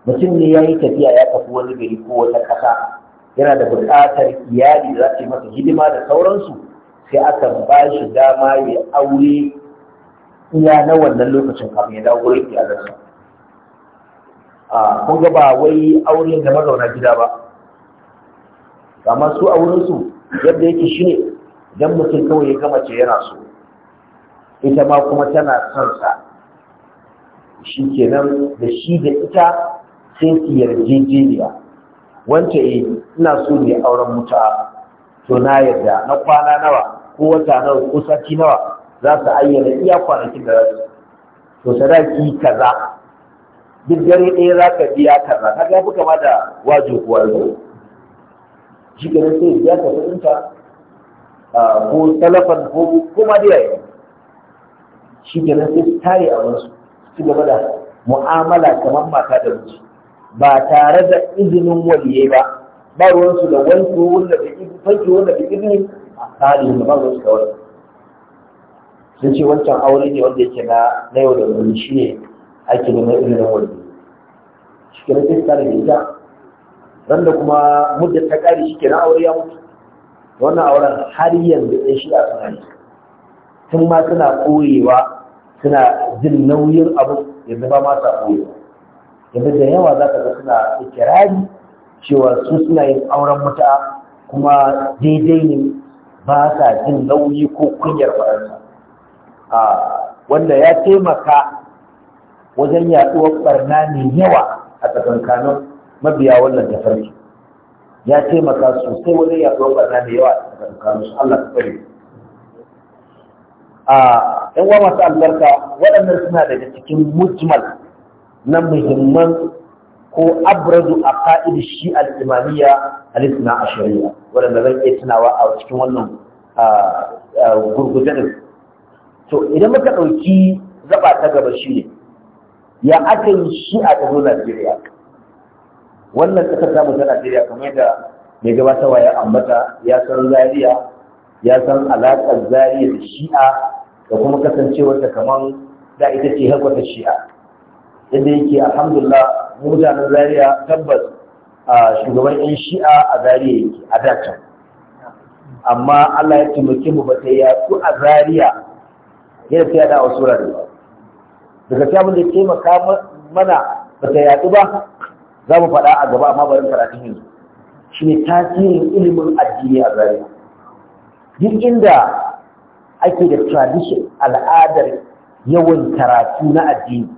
mutum ne ya yi tafiya ya tafi wani gari ko wata ƙasa yana da buƙatar iyali da za ta yi masa hidima da sauransu sai aka ba shi dama ya aure iya na wannan lokacin kafin ya dawo wurin iyalarsa a kun ga ba wai aure na mazauna gida ba kamar su aurensu yadda yake shi ne idan mutum kawai ya gama ce yana so ita ma kuma tana son sa shi kenan da shi da ita sai su yarjejeniya wanda eh ina so ne auren mutu'a to na yarda na kwana nawa ko wata nawa ko sati nawa za su ayyana iya kwanakin da za su to sadaki kaza duk dare ɗaya za ka biya kaza ka ga buka kama da wajo kuwa yanzu shi nan sai biya ka kuɗinta ko talafan ko kuma da yayi shi nan sai su tare a wasu su gaba da mu'amala kamar mata da miji ba tare da izinin waliyai ba ba ruwansu da wanke wanda da fanki wanda da izinin tsari da ba su kawai sun ce wancan aure ne wanda yake na na yau da gobe shi ne ake neman ilimin wani shi ke na sai da ita ran da kuma mudda ta kare shi ke na aure ya mutu wannan auren har yanzu ɗaya shi a suna tun ma suna koyewa suna jin nauyin abu yanzu ba ma sa koyewa yanzu da yawa za ka ga suna ikirari cewa su suna yin auren mutu'a kuma daidai ne ba sa jin nauyi ko kunyar a wanda ya taimaka wajen yaduwar barna mai yawa a tsakankanin mabiya wannan tafarki ya taimaka sosai wajen yaduwar barna mai yawa a tsakankanin su Allah ta a yan wa masu albarka waɗannan suna daga cikin mujmal na muhimman ko abradu a ka'id shi al-imamiyya al-isna ashariya wanda zan iya tunawa a cikin wannan gurgudanin to idan muka ɗauki gaba ta gaba shi ne ya aka yi shi a tazo Najeriya wannan ƙasar ta ta Najeriya kamar da mai gabatarwa ya ambata ya san Zariya ya san alaƙar Zariya da shi'a da kuma kasancewarta kamar da ita ce harkwata shi'a inda yake alhamdulillah mutanen Zariya tabbas shugaban yan shi'a a Zariya yake a dacan amma Allah ya taimake mu ba sai ya su a Zariya ta sai da wasu wurare daga sai abin da taimaka mana ba ta yaɗu ba za mu faɗa a gaba amma bari karatun yanzu shi ne tasirin ilimin addini a Zariya duk inda ake da tradition al'adar yawan karatu na addini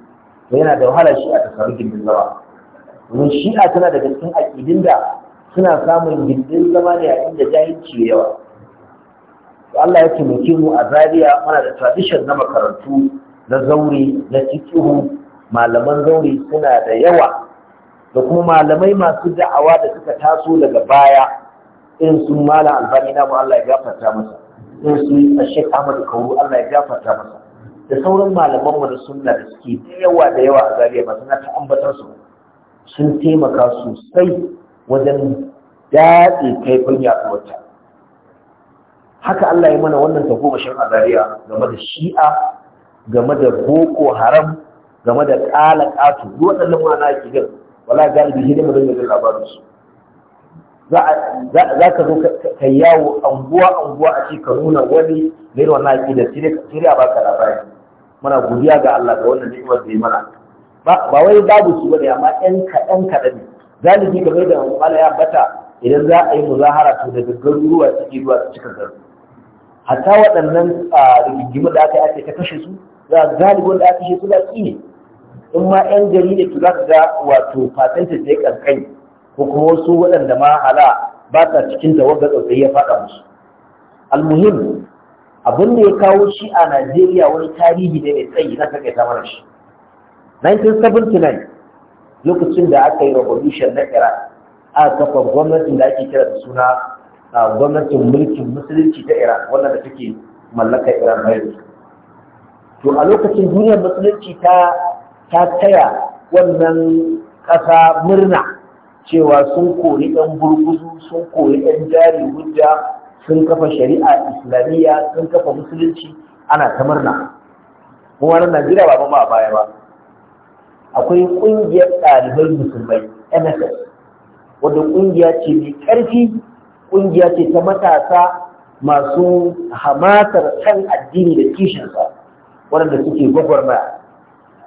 da yana da wahala shi a tasarar gindin zama domin shi'a tana da cikin aƙidin da suna samun gindin zama ne a inda jahilci yawa Allah ya taimake mu a Zaria muna da tradition na makarantu na zaure na fiqhu malaman zaure suna da yawa da kuma malamai masu da'awa da suka taso daga baya In sun mala Albani na mu Allah ya gafarta masa yi a Sheikh Ahmad Kauru Allah ya gafarta masa da sauran malaman mu na sunna da suke yawa da yawa a zariya ba suna ta ambatar su sun taimaka sosai wajen daɗe kaifin yaɗuwarta haka Allah ya mana wannan tagomashin a zariya game da shi'a game da boko haram game da ƙala ƙatu, duk waɗannan ma'ana ake gan wala galibi shi ne mu dinga jin su. za ka zo ka yawo anguwa anguwa a ce ka nuna wani mai wannan aƙida da dai a baka labari muna godiya ga Allah ga wannan ni'imar da ya mana ba wai babu su bane amma ɗan kaɗan kaɗan ne galibi game da mala ya bata idan za a yi muzahara to daga garuruwa suke zuwa su cika garu hatta waɗannan rigigimu da aka yi ake ta kashe su za galibin wanda aka kashe su ki ne in ma 'yan gari ne to za ka ga wato fatanta ta yi ƙanƙani ko kuma wasu waɗanda ma hala ba sa cikin tawagar tsautsayi ya faɗa musu almuhim abin da ya kawo shi a Najeriya wani tarihi ne mai tsayi na saka ta mana shi 1979 lokacin da aka yi revolution na kira a kafa gwamnatin da ake kira da suna gwamnatin mulkin musulunci ta Iran, wannan da take mallaka Iran mai to a lokacin duniyar musulunci ta ta taya wannan ƙasa murna cewa sun kori ɗan burguzu sun kori ɗan jari hujja sun kafa shari'a islamiyya sun kafa musulunci ana ta murna mu wannan Najeriya ba ba a baya ba akwai ƙungiyar ɗalibai musulmai MSS wadda ƙungiya ce mai ƙarfi ƙungiya ce ta matasa masu hamatar kan addini da kishinsa waɗanda suke gwagwarmaya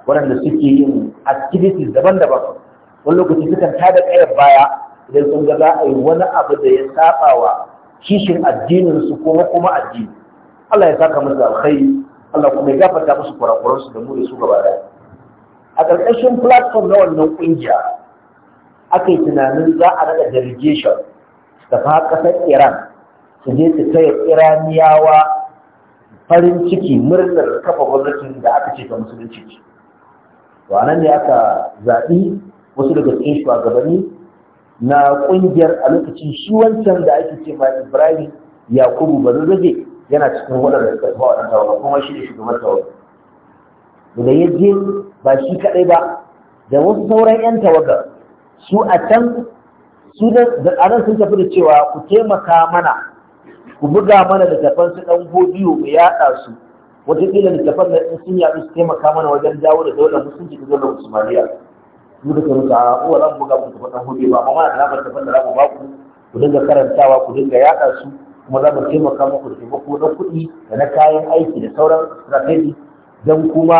waɗanda suke yin activities daban-daban wani lokaci sukan tada ƙayar baya idan sun ga za a yi wani abu da ya saba wa kishin addininsu ko kuma addini Allah ya saka musu alkhairi Allah kuma ya gafarta musu kurakuransu da mu da su gaba daya a ƙarƙashin platform na wannan ƙungiya aka tunanin za a rada delegation da fa ƙasar Iran su je su taya Iraniyawa farin ciki murnar kafa gwamnatin da aka ce ga musulunci. To ne aka zaɓi wasu daga cikin shugabanni na kungiyar a lokacin shi wancan da ake ce ma Ibrahim Yakubu Bazazaje yana cikin waɗanda suka ba waɗanda ba kuma shi ne shugaban tawaga da ya je ba shi kaɗai ba da wasu sauran 'yan tawaga su a can su da anan sun tafi da cewa ku taimaka mana ku buga mana littafan su ɗan godiyo mu yaɗa su wataƙila littafan da sun yaɗu su taimaka mana wajen dawo da daular musulunci da daular musulmaniya. Ku da karuta a uwa zan buga ku tafi ɗan ba amma mana alamar da zamu baku ku dinga karantawa ku dinga yaɗa su kuma za mu taimaka muku da taimako na kuɗi da na kayan aiki da sauran strategy dan kuma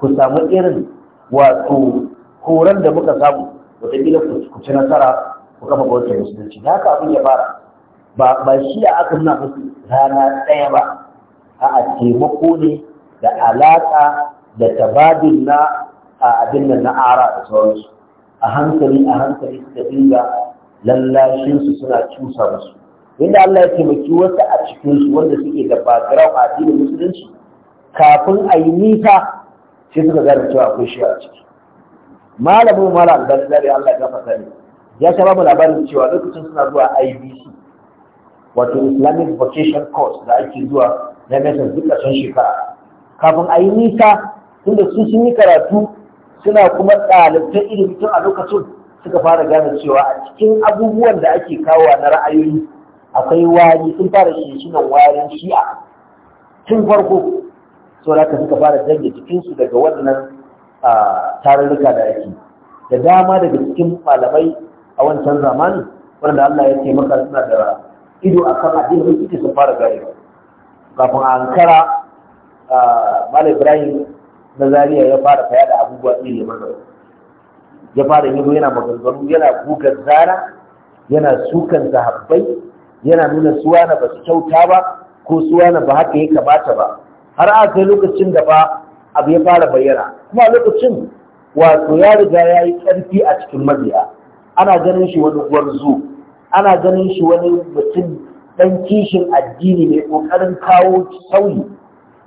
ku samu irin wato horon da muka samu wataƙila ku ci nasara ku kafa bautar musulunci da haka abin ya fara ba ba shi a aka nuna musu rana ɗaya ba a taimako ne da alaƙa da tabadin na a abin nan na ara da sauransu a hankali a hankali ta dinga lallashinsu suna cusa musu inda Allah ya taimaki wasu a cikinsu wanda suke da background a addinin musulunci kafin a yi nisa sai suka gane cewa akwai shi a ciki malamin mala albani dare Allah ya fasa ne ya bamu labarin cewa lokacin suna zuwa IBC wato Islamic Vocation Course da ake zuwa na mesa duk ƙarshen shekara kafin a yi nisa tunda su sun yi karatu suna kuma ɗalibta ilimi tun a lokacin suka fara gane cewa a cikin abubuwan da ake kawo na ra'ayoyi akwai wari sun fara shishinan warin shi'a tun farko sau da suka fara janye cikinsu daga wannan tarurruka da ake da dama daga cikin malamai a wancan zamani wanda Allah ya taimaka suna da ido a kan addinin ita sun fara gane kafin a ankara malam ibrahim na zariya ya fara kaya da abubuwa ya da ya fara yi yana maganganu yana gugar zara yana sukan zahabbai yana nuna suwa na basu kyauta ba ko suwa na ba haka ya kamata ba har a kai lokacin da ba abu ya fara bayyana kuma lokacin wato ya riga ya yi ƙarfi a cikin mabiya ana ganin shi wani gwarzo ana ganin shi wani mutum ɗan kishin addini mai ƙoƙarin kawo sauyi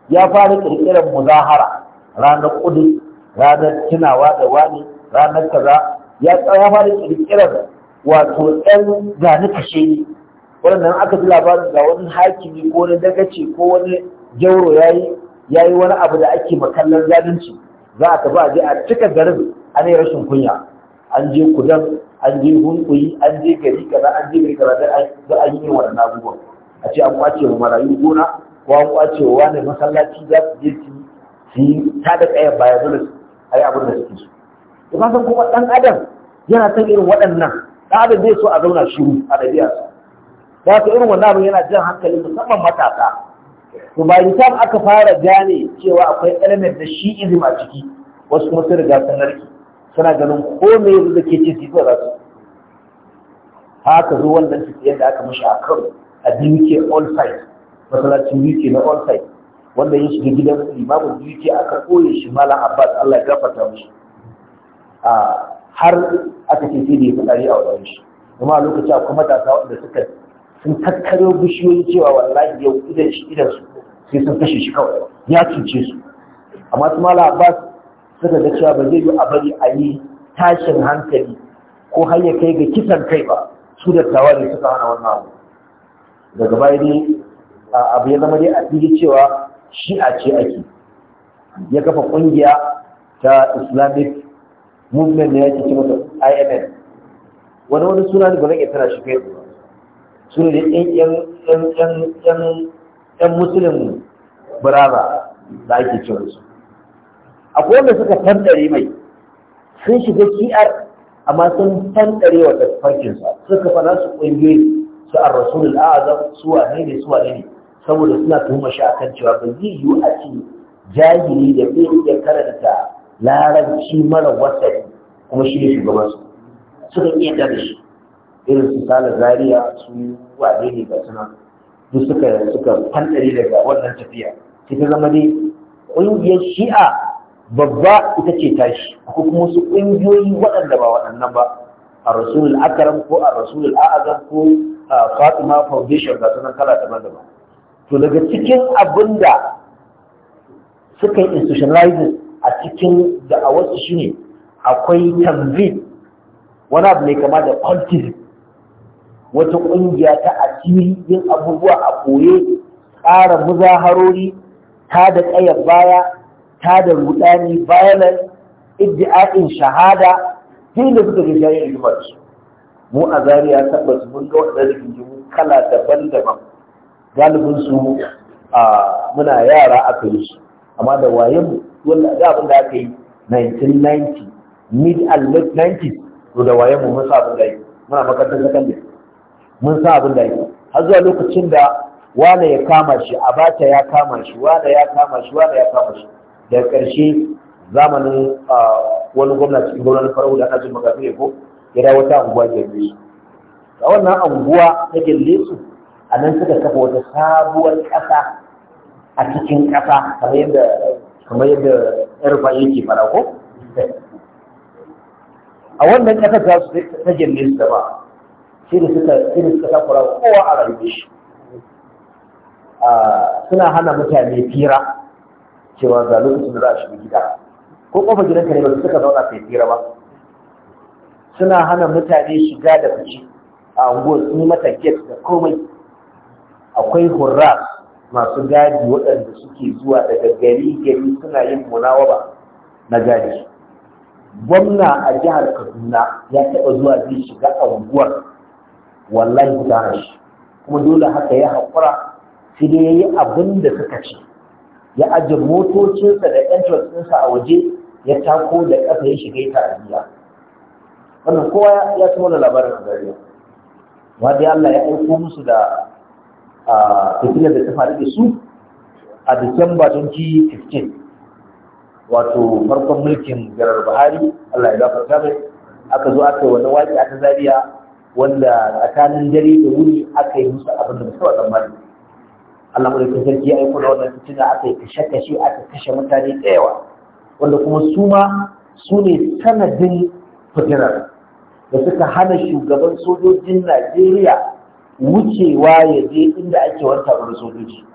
ya fara ƙirƙirar muzahara ranar kudi ranar tunawa da wani ranar kaza ya tsara fara kirkirar wato ɗan gani kashe ne waɗannan aka ji labarin ga wani hakimi ko wani ce, ko wani jauro yayi yayi wani abu da ake makallan zalunci za a tafi a je a cika garin a ne rashin kunya an je kudan an je hunkuyi an je gari kaza an je gari kaza da an yi wannan abubuwan a ce an kwace wa marayu gona ko an kwace wa wani masallaci za su je su su yi ta da tsaye baya dole a yi abin da suke so to ka san kuma ɗan adam yana son irin waɗannan ɗan adam zai so a zauna shiru a ɗabi'a da ka irin wannan abin yana jan hankali musamman matasa to ba sam aka fara gane cewa akwai element da shi izim a ciki wasu kuma sun riga sun narki suna ganin ko me yanzu da ke ce su za su haka zo wannan su yadda aka mashi a karo a duk all side masallacin uk na all side wanda ya shiga gidan limamin duki aka koye shi malam abbas allah ya gafarta mushi har aka ce sai da ya fadari a wajen shi kuma lokaci akwai matasa wanda suka sun tattaro bishiyoyi cewa wallahi yau idan shi idan su sai sun kashe shi kawai ya cuce su amma su malam abbas suka ga cewa ba zai yi a bari a yi tashin hankali ko har ya kai ga kisan kai ba su da tawari suka hana wannan abu daga baya ne abu ya zama dai a fili cewa shi'a ce ake ya kafa ƙungiya ta islamic movement ne yake ce mata imf wani wani suna ne ba zan tana shi kai su ne yan musulun brava da ake cewa su akwai wanda suka tantare mai sun shiga shi'ar amma sun tantare wa tafarkinsa suka fara su ƙungiyoyi su a rasulun a'azam su wane ne su wane ne saboda suna tuhuma shi akan cewa ba zai yiwu a ce jahili da bai iya karanta larabci mara wasari kuma shi ne shugaban su suka iya da shi irin su sala zaria su wane ne ga suna duk suka suka fantare daga wannan tafiya sai ta zama dai ƙungiyar shi'a babba ita ce tashi ko kuma wasu ƙungiyoyi waɗanda ba waɗannan ba a rasulul akaram ko a rasulul a'azam ko a ah, fatima foundation ga sunan kala daban-daban to daga cikin abin da suka yi institutionalizing a cikin da a wasu shi ne akwai tanzim wani abu mai kama da cultism wata ƙungiya ta asiri yin abubuwa a koye ƙara muzaharori ta da ƙayar baya ta da rudani violence iddi'a'in shahada sai da suka ga shayin mu a zariya tabbas mun ga waɗanda da kala daban-daban galibin su a muna yara aka yi su amma da mu wanda ga abin da aka yi 1990 mid and late 90s to da waye mu mun sa abin da yi muna makarantar sakandare. mun sa abin da yi har zuwa lokacin da wane ya kama shi abata ya kama shi wane ya kama shi wane ya kama shi da ƙarshe zamanin wani gwamna cikin gwamnati farko da ana jin magafi ne ko ya dawo ta unguwa gelle a wannan anguwa ta gelle su a nan suka kafa wata sabuwar ƙasa a cikin ƙasa kamar yadda kamar yadda irfa yake fara ko a wannan ƙasa ta su ta gemme su sai da suka shi da suka takura kowa a rayuwar shi suna hana mutane fira cewa ga lokacin da za a shiga gida ko kofar gidanka ne ba su suka zauna kai fira ba suna hana mutane shiga da fice a unguwar sun yi mata get da komai akwai hurra masu gadi waɗanda suke zuwa daga gari gari suna yin munawaba na gadi gwamna a jihar kaduna ya taɓa zuwa zai shiga unguwar wallahi gudanar shi kuma dole haka ya haƙura sai dai ya yi abin da suka ce ya ajiye motocinsa da entrance ɗinsa a waje ya tako da ƙasa ya shiga ita a wannan kowa ya ci wani labarin a gari dai Allah ya aiko musu da a fitilar da ta faru da su a Disamba 2015 wato farkon mulkin Jarar Buhari Allah ya gafarta mai aka zo aka yi wani waƙi a Zariya wanda tsakanin dare da wuri aka yi musu abin da musamman tsammani Allah mu da sarki ya aiko da wannan fitina aka yi kashe-kashe aka kashe mutane da yawa wanda kuma su ma su ne sanadin fitinar da suka hana shugaban sojojin Najeriya wucewa ya je inda ake wani sojoji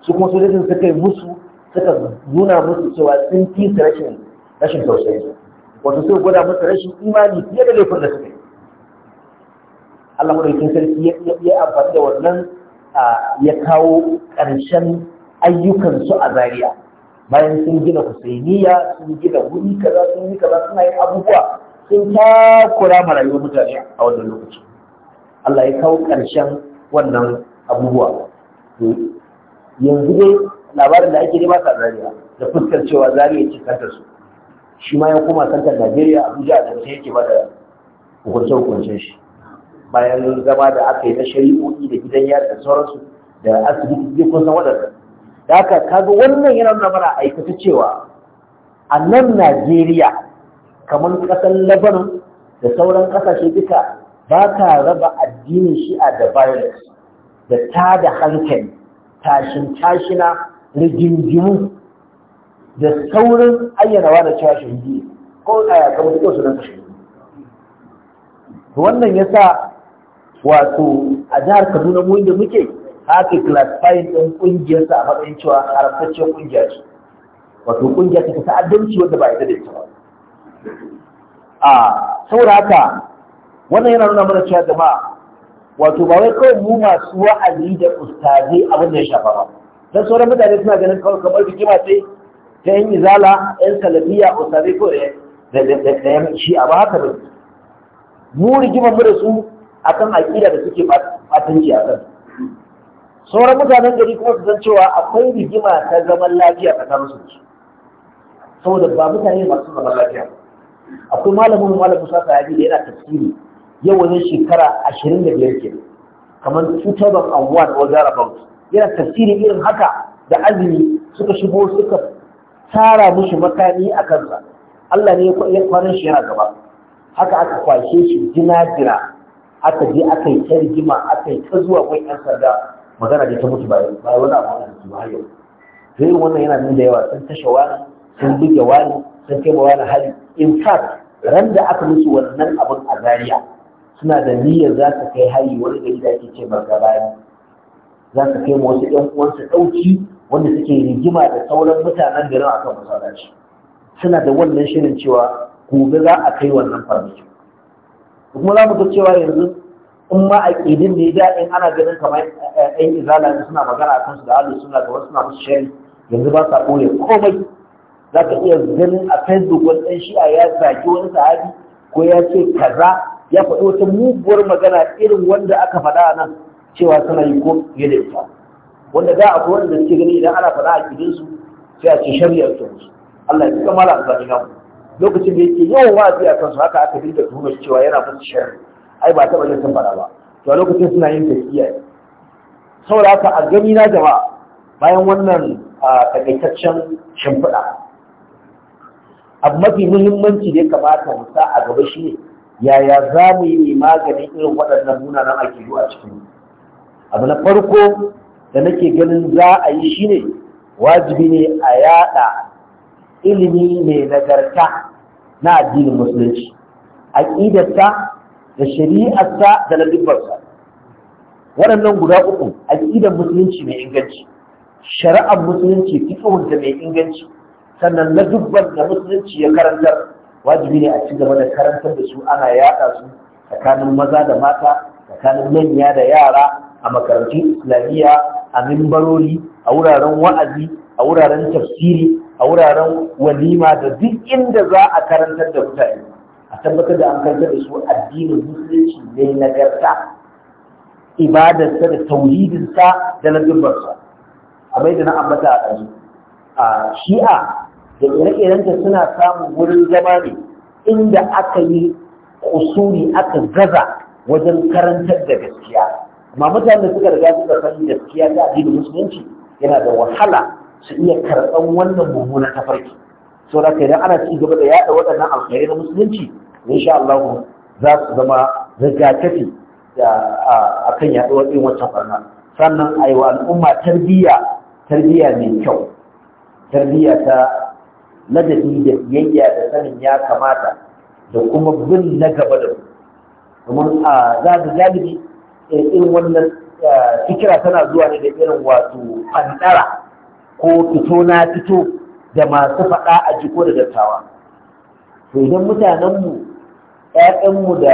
su kuma sojojin suka yi musu suka nuna musu cewa sun fi su rashin rashin tausayi wato sun gwada musu rashin imani fiye da laifin da suka yi Allah madaukakin sarki ya amfani da wannan ya kawo ƙarshen ayyukansu a Zariya. bayan sun gina husainiya sun gina wuri kaza sun yi kaza suna yin abubuwa sun takura ma mutane a wannan lokacin Allah ya kawo ƙarshen wannan abubuwa yanzu dai labarin da ake nema ta Najeriya da fuskar cewa Zaria ce kantar su shi ma ya koma kantar Najeriya Abuja da ta yake ba da hukunce hukuncen shi bayan zama da aka yi na shari'o'i da gidan yari da sauransu da asibiti zai kun san waɗanda da haka kaga wannan yana nuna mana aikata cewa a nan Najeriya kamar ƙasar Lebanon da sauran ƙasashe duka ba ka raba addinin shi'a da virus da ta da hankali tashin tashina rigingimu da saurin ayyanawa da cewa shahidi ko a kamar duk su nan shahidi wannan ya sa wato a jihar kaduna mu inda muke haka classifying ɗin ƙungiyarsa a matsayin cewa haramtaccen ƙungiya ce wato ƙungiya ta ta'addanci wanda ba ita da ita ba a saboda haka wannan yana nuna mana cewa jama'a wato ba wai kawai mu masu wa'azi da ustaze abin da ya shafa ba dan sauran mutane suna ganin kawai kamar ma sai ta yin izala yan salafiya ustaze ko da da yan a ba haka ba mu rigimar mu da su akan aƙida da suke batanci a kan sauran mutanen gari kuma su san cewa akwai rigima ta zaman lafiya tsakanin su saboda ba mutane masu zaman lafiya akwai malamin malamin sa sahabi da yana tafsiri yau wajen shekara ashirin da biyar kenan kamar 2001 or thereabout yana tafsirin irin haka da azumi suka shigo suka tara mushi makami a kansa Allah ne ya kwanan shi yana gaba haka aka kwashe shi jina-jina aka je aka yi ta rigima aka yi ta zuwa wai yan sanda magana da ta mutu ba ba wani abu da su ba yau to wannan yana nuna da yawa sun tashe wani sun buge wani sun kai wani hali in fact ran da aka musu wannan abin a zariya suna da niyyar za su kai hari wani gari da ake ce margabani za su kai wasu ɗan uwansa ɗauki wanda suke rigima da sauran mutanen garin akan masallaci suna da wannan shirin cewa gobe za a kai wannan farmaki kuma za mu ga cewa yanzu in ma a ƙidin ne da in ana ganin kamar ɗan izala ne suna magana a kansu da alu suna da wasu suna musu shari yanzu ba sa ɓoye komai za ka iya ganin a facebook wani ɗan shi'a ya zaki wani sahabi ko ya ce kaza ya faɗi wata muguwar magana irin wanda aka faɗa nan cewa suna yi ko fiye da ita wanda za a ko wanda suke gani idan ana faɗa a su sai a ce shari'a ta musu Allah ya kama la amfani namu lokacin da yake yawan wa'azi a kansu haka aka dinga tuhumar cewa yana musu shari'a ai ba taɓa yin sun faɗa ba to a lokacin suna yin tafiya saboda haka a gani na jama'a bayan wannan takaitaccen shimfiɗa abu mafi muhimmanci da ya kamata mu sa a gaba shi ne yaya za mu yi magani irin waɗannan munanan akidu a cikin abu na farko da nake ganin za a yi shi ne wajibi ne a yaɗa ilimi mai nagarta na addinin musulunci aƙidarsa da shari'arta da ladubbarsa waɗannan guda uku aƙidar musulunci mai inganci shari'ar musulunci fiƙhunta mai inganci sannan dubban da musulunci ya karantar wajibi ne a ci gaba da karantar da su ana yaɗa su tsakanin maza da mata tsakanin manya da yara a makarantu islamiyya a mimbarori a wuraren wa'azi a wuraren tafsiri a wuraren walima da duk inda za a karantar da mutane a tabbatar da an karantar da su addinin musulunci ne nagarta ibadarsa da tauridinsa da lazubarsa a bai da na ambata a ɗazu a shi'a da ire-irenta suna samun wurin zama ne inda aka yi kusuri aka gaza wajen karantar da gaskiya amma mutane da suka riga suka san gaskiya ta addinin musulunci yana da wahala su iya karɓan wannan mummuna tafarki saboda idan ana ci gaba da yaɗa waɗannan alkhairi na musulunci insha Allah za su zama rigakafi da akan yaɗuwar irin wancan barna sannan a yi wa al'umma tarbiyya tarbiyya mai kyau tarbiyya ta ladabi da biyayya da sanin ya kamata da kuma bin na gaba da domin a za da galibi eh, irin wannan eh, fikira tana zuwa ne da irin wato fandara ko fito na fito da masu faɗa a jiko da dattawa to idan mutanenmu ƴaƴanmu da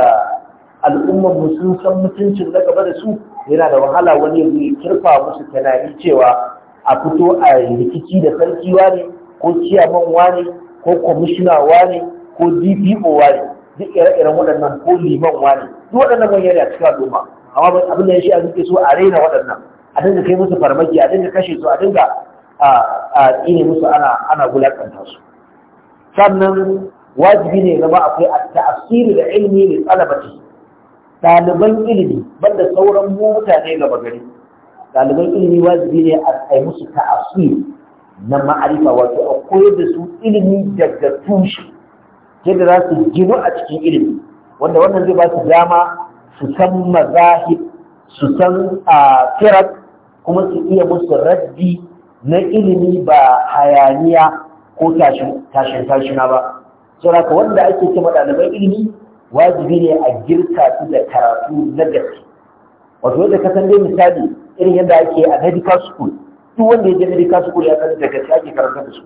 al'ummarmu sun san mutuncin na gaba da su yana da wahala wani ya kirfa musu tunani cewa a fito a rikici da sarki ne ko ciyaman wani, ko kwamishina wani, ko dpo wani, duk ire-iren waɗannan ko liman wani. duk waɗannan manyan a cikin al'umma amma abin da ya shi a zuke so a raina waɗannan a dinga kai musu farmaki a dinga kashe su a dinga a tsine musu ana ana su sannan wajibi ne zama akwai a ta'asiri da ilimi da tsalabati ɗaliban ilimi banda sauran mutane gaba gari ɗaliban ilimi wajibi ne a kai musu ta'asiri na ma'arifa wato a koyar da su ilimi daga tushe yadda za su gino a cikin ilimi wanda wannan zai ba su dama su san mazahib su san firat kuma su iya musu raddi na ilimi ba hayaniya ko tashin tashina ba saboda wanda ake ce ɗaliban ilimi wajibi ne a girka su da karatu na gaske wato yadda ka san dai misali irin yadda ake a medical school duk wanda ya je kasu kuri ya san da gaske ake karanta da su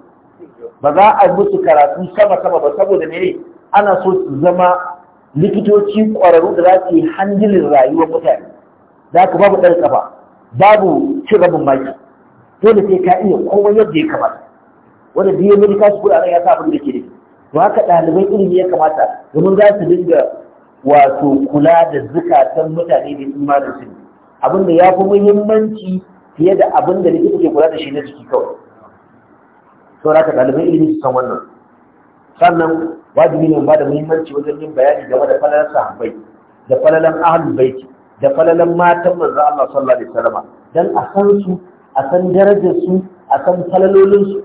ba za a musu karatu sama sama ba saboda ne ana so su zama likitoci ƙwararru da za su yi hanjilin rayuwar mutane za ka babu ɗan kafa babu cin rabin maki dole sai ka iya komai yadda ya kamata wanda biyu medical school a ya sa abin da ke da to haka ɗaliban ilimi ya kamata domin za su dinga wato kula da zukatan mutane da imanin su abin da ya fi muhimmanci fiye da abin da likita ke kula da shi na jiki kawai sau da ka ɗaliban ilimi su san wannan sannan wajibi ne ba da muhimmanci wajen yin bayani game da falalan sahabbai da falalan ahlul baiti da falalan matan manzo Allah sallallahu alaihi wasallam dan a san su a san darajar su a san falalolin su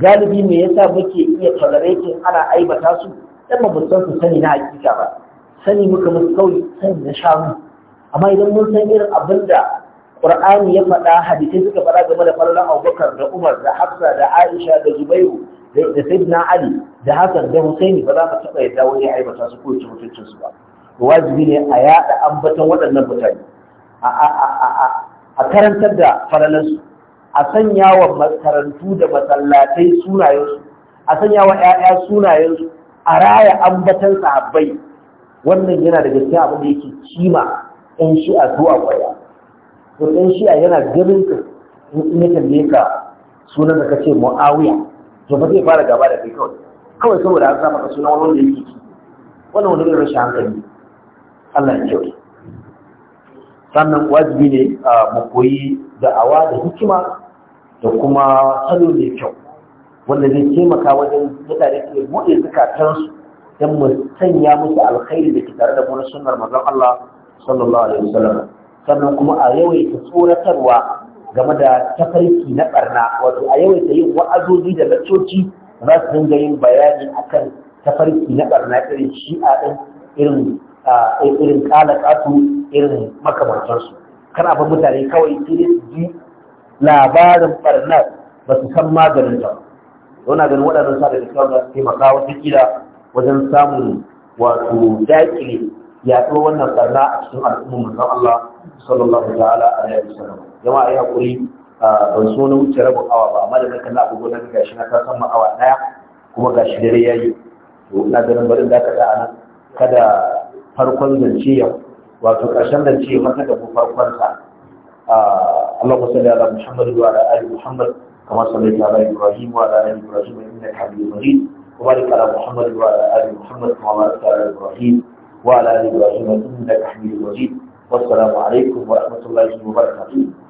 galibi me yasa muke iya tolerating ana aibata su dan ba mu san su sani na hakika ba sani muka musu kawai sani na shanu. amma idan mun san irin abin da qur'ani ya faɗa hadisai suka faɗa game da falalan abubakar da umar da hafsa da aisha da zubairu da sayyidina ali da Hassan da husaini ba za mu taɓa yadda wani ya aibata su ko ya mutuncin su ba wajibi ne a yaɗa ambaton waɗannan mutane a karantar da falalansu a sanya wa makarantu da masallatai sunayensu a sanya wa 'ya'ya sunayensu a raya ambatan sahabbai wannan yana da gaskiya abin da yake kima 'yan shi'a zuwa kwaya to ɗan shi'a yana ganin ka in ya tambaye ka sunan da kace mu'awiya to ba zai fara gaba da kai kawai kawai saboda an samu sunan wani wanda yake ci wannan wani irin rashin hankali Allah ya kyauta sannan wajibi ne mu koyi da'awa da hikima da kuma salo mai kyau wanda zai taimaka wajen mutane ke buɗe zukatansu don mu sanya musu alkhairi da ke tare da mu na sunnar manzon Allah sallallahu alaihi wasallam sannan kuma a yawaita tsoratarwa game da tafarki na ɓarna, wato a yawaita yin wa'azoji da lacoci za su dinga yin bayani akan tafarki na ɓarna irin shi'a din irin irin kalaka su irin makamantarsu abin mutane kawai sai dai su ji labarin ɓarna ba su san maganin ta yana ganin waɗannan sa da kyau kawo taimaka wata wajen samun wato daƙile yaɗuwar wannan ɓarna a cikin al'ummar manzon Allah sallallahu ta'ala alaihi wasallam jama'a ya hakuri ban so na wuce rabin awa ba amma da na kalla agogo na ga shi na ta san awa daya kuma ga shi dare yayi to ina ganin barin da ka da anan kada farkon zance ya wato karshen zance ya mata da farkon sa اللهم صل على محمد وعلى ال محمد كما صليت على ابراهيم وعلى ال ابراهيم انك حميد مجيد وبارك على محمد وعلى ال محمد كما باركت على ابراهيم وعلى ال ابراهيم wassalamu alaikum wa rahmatullahi wa barakatuh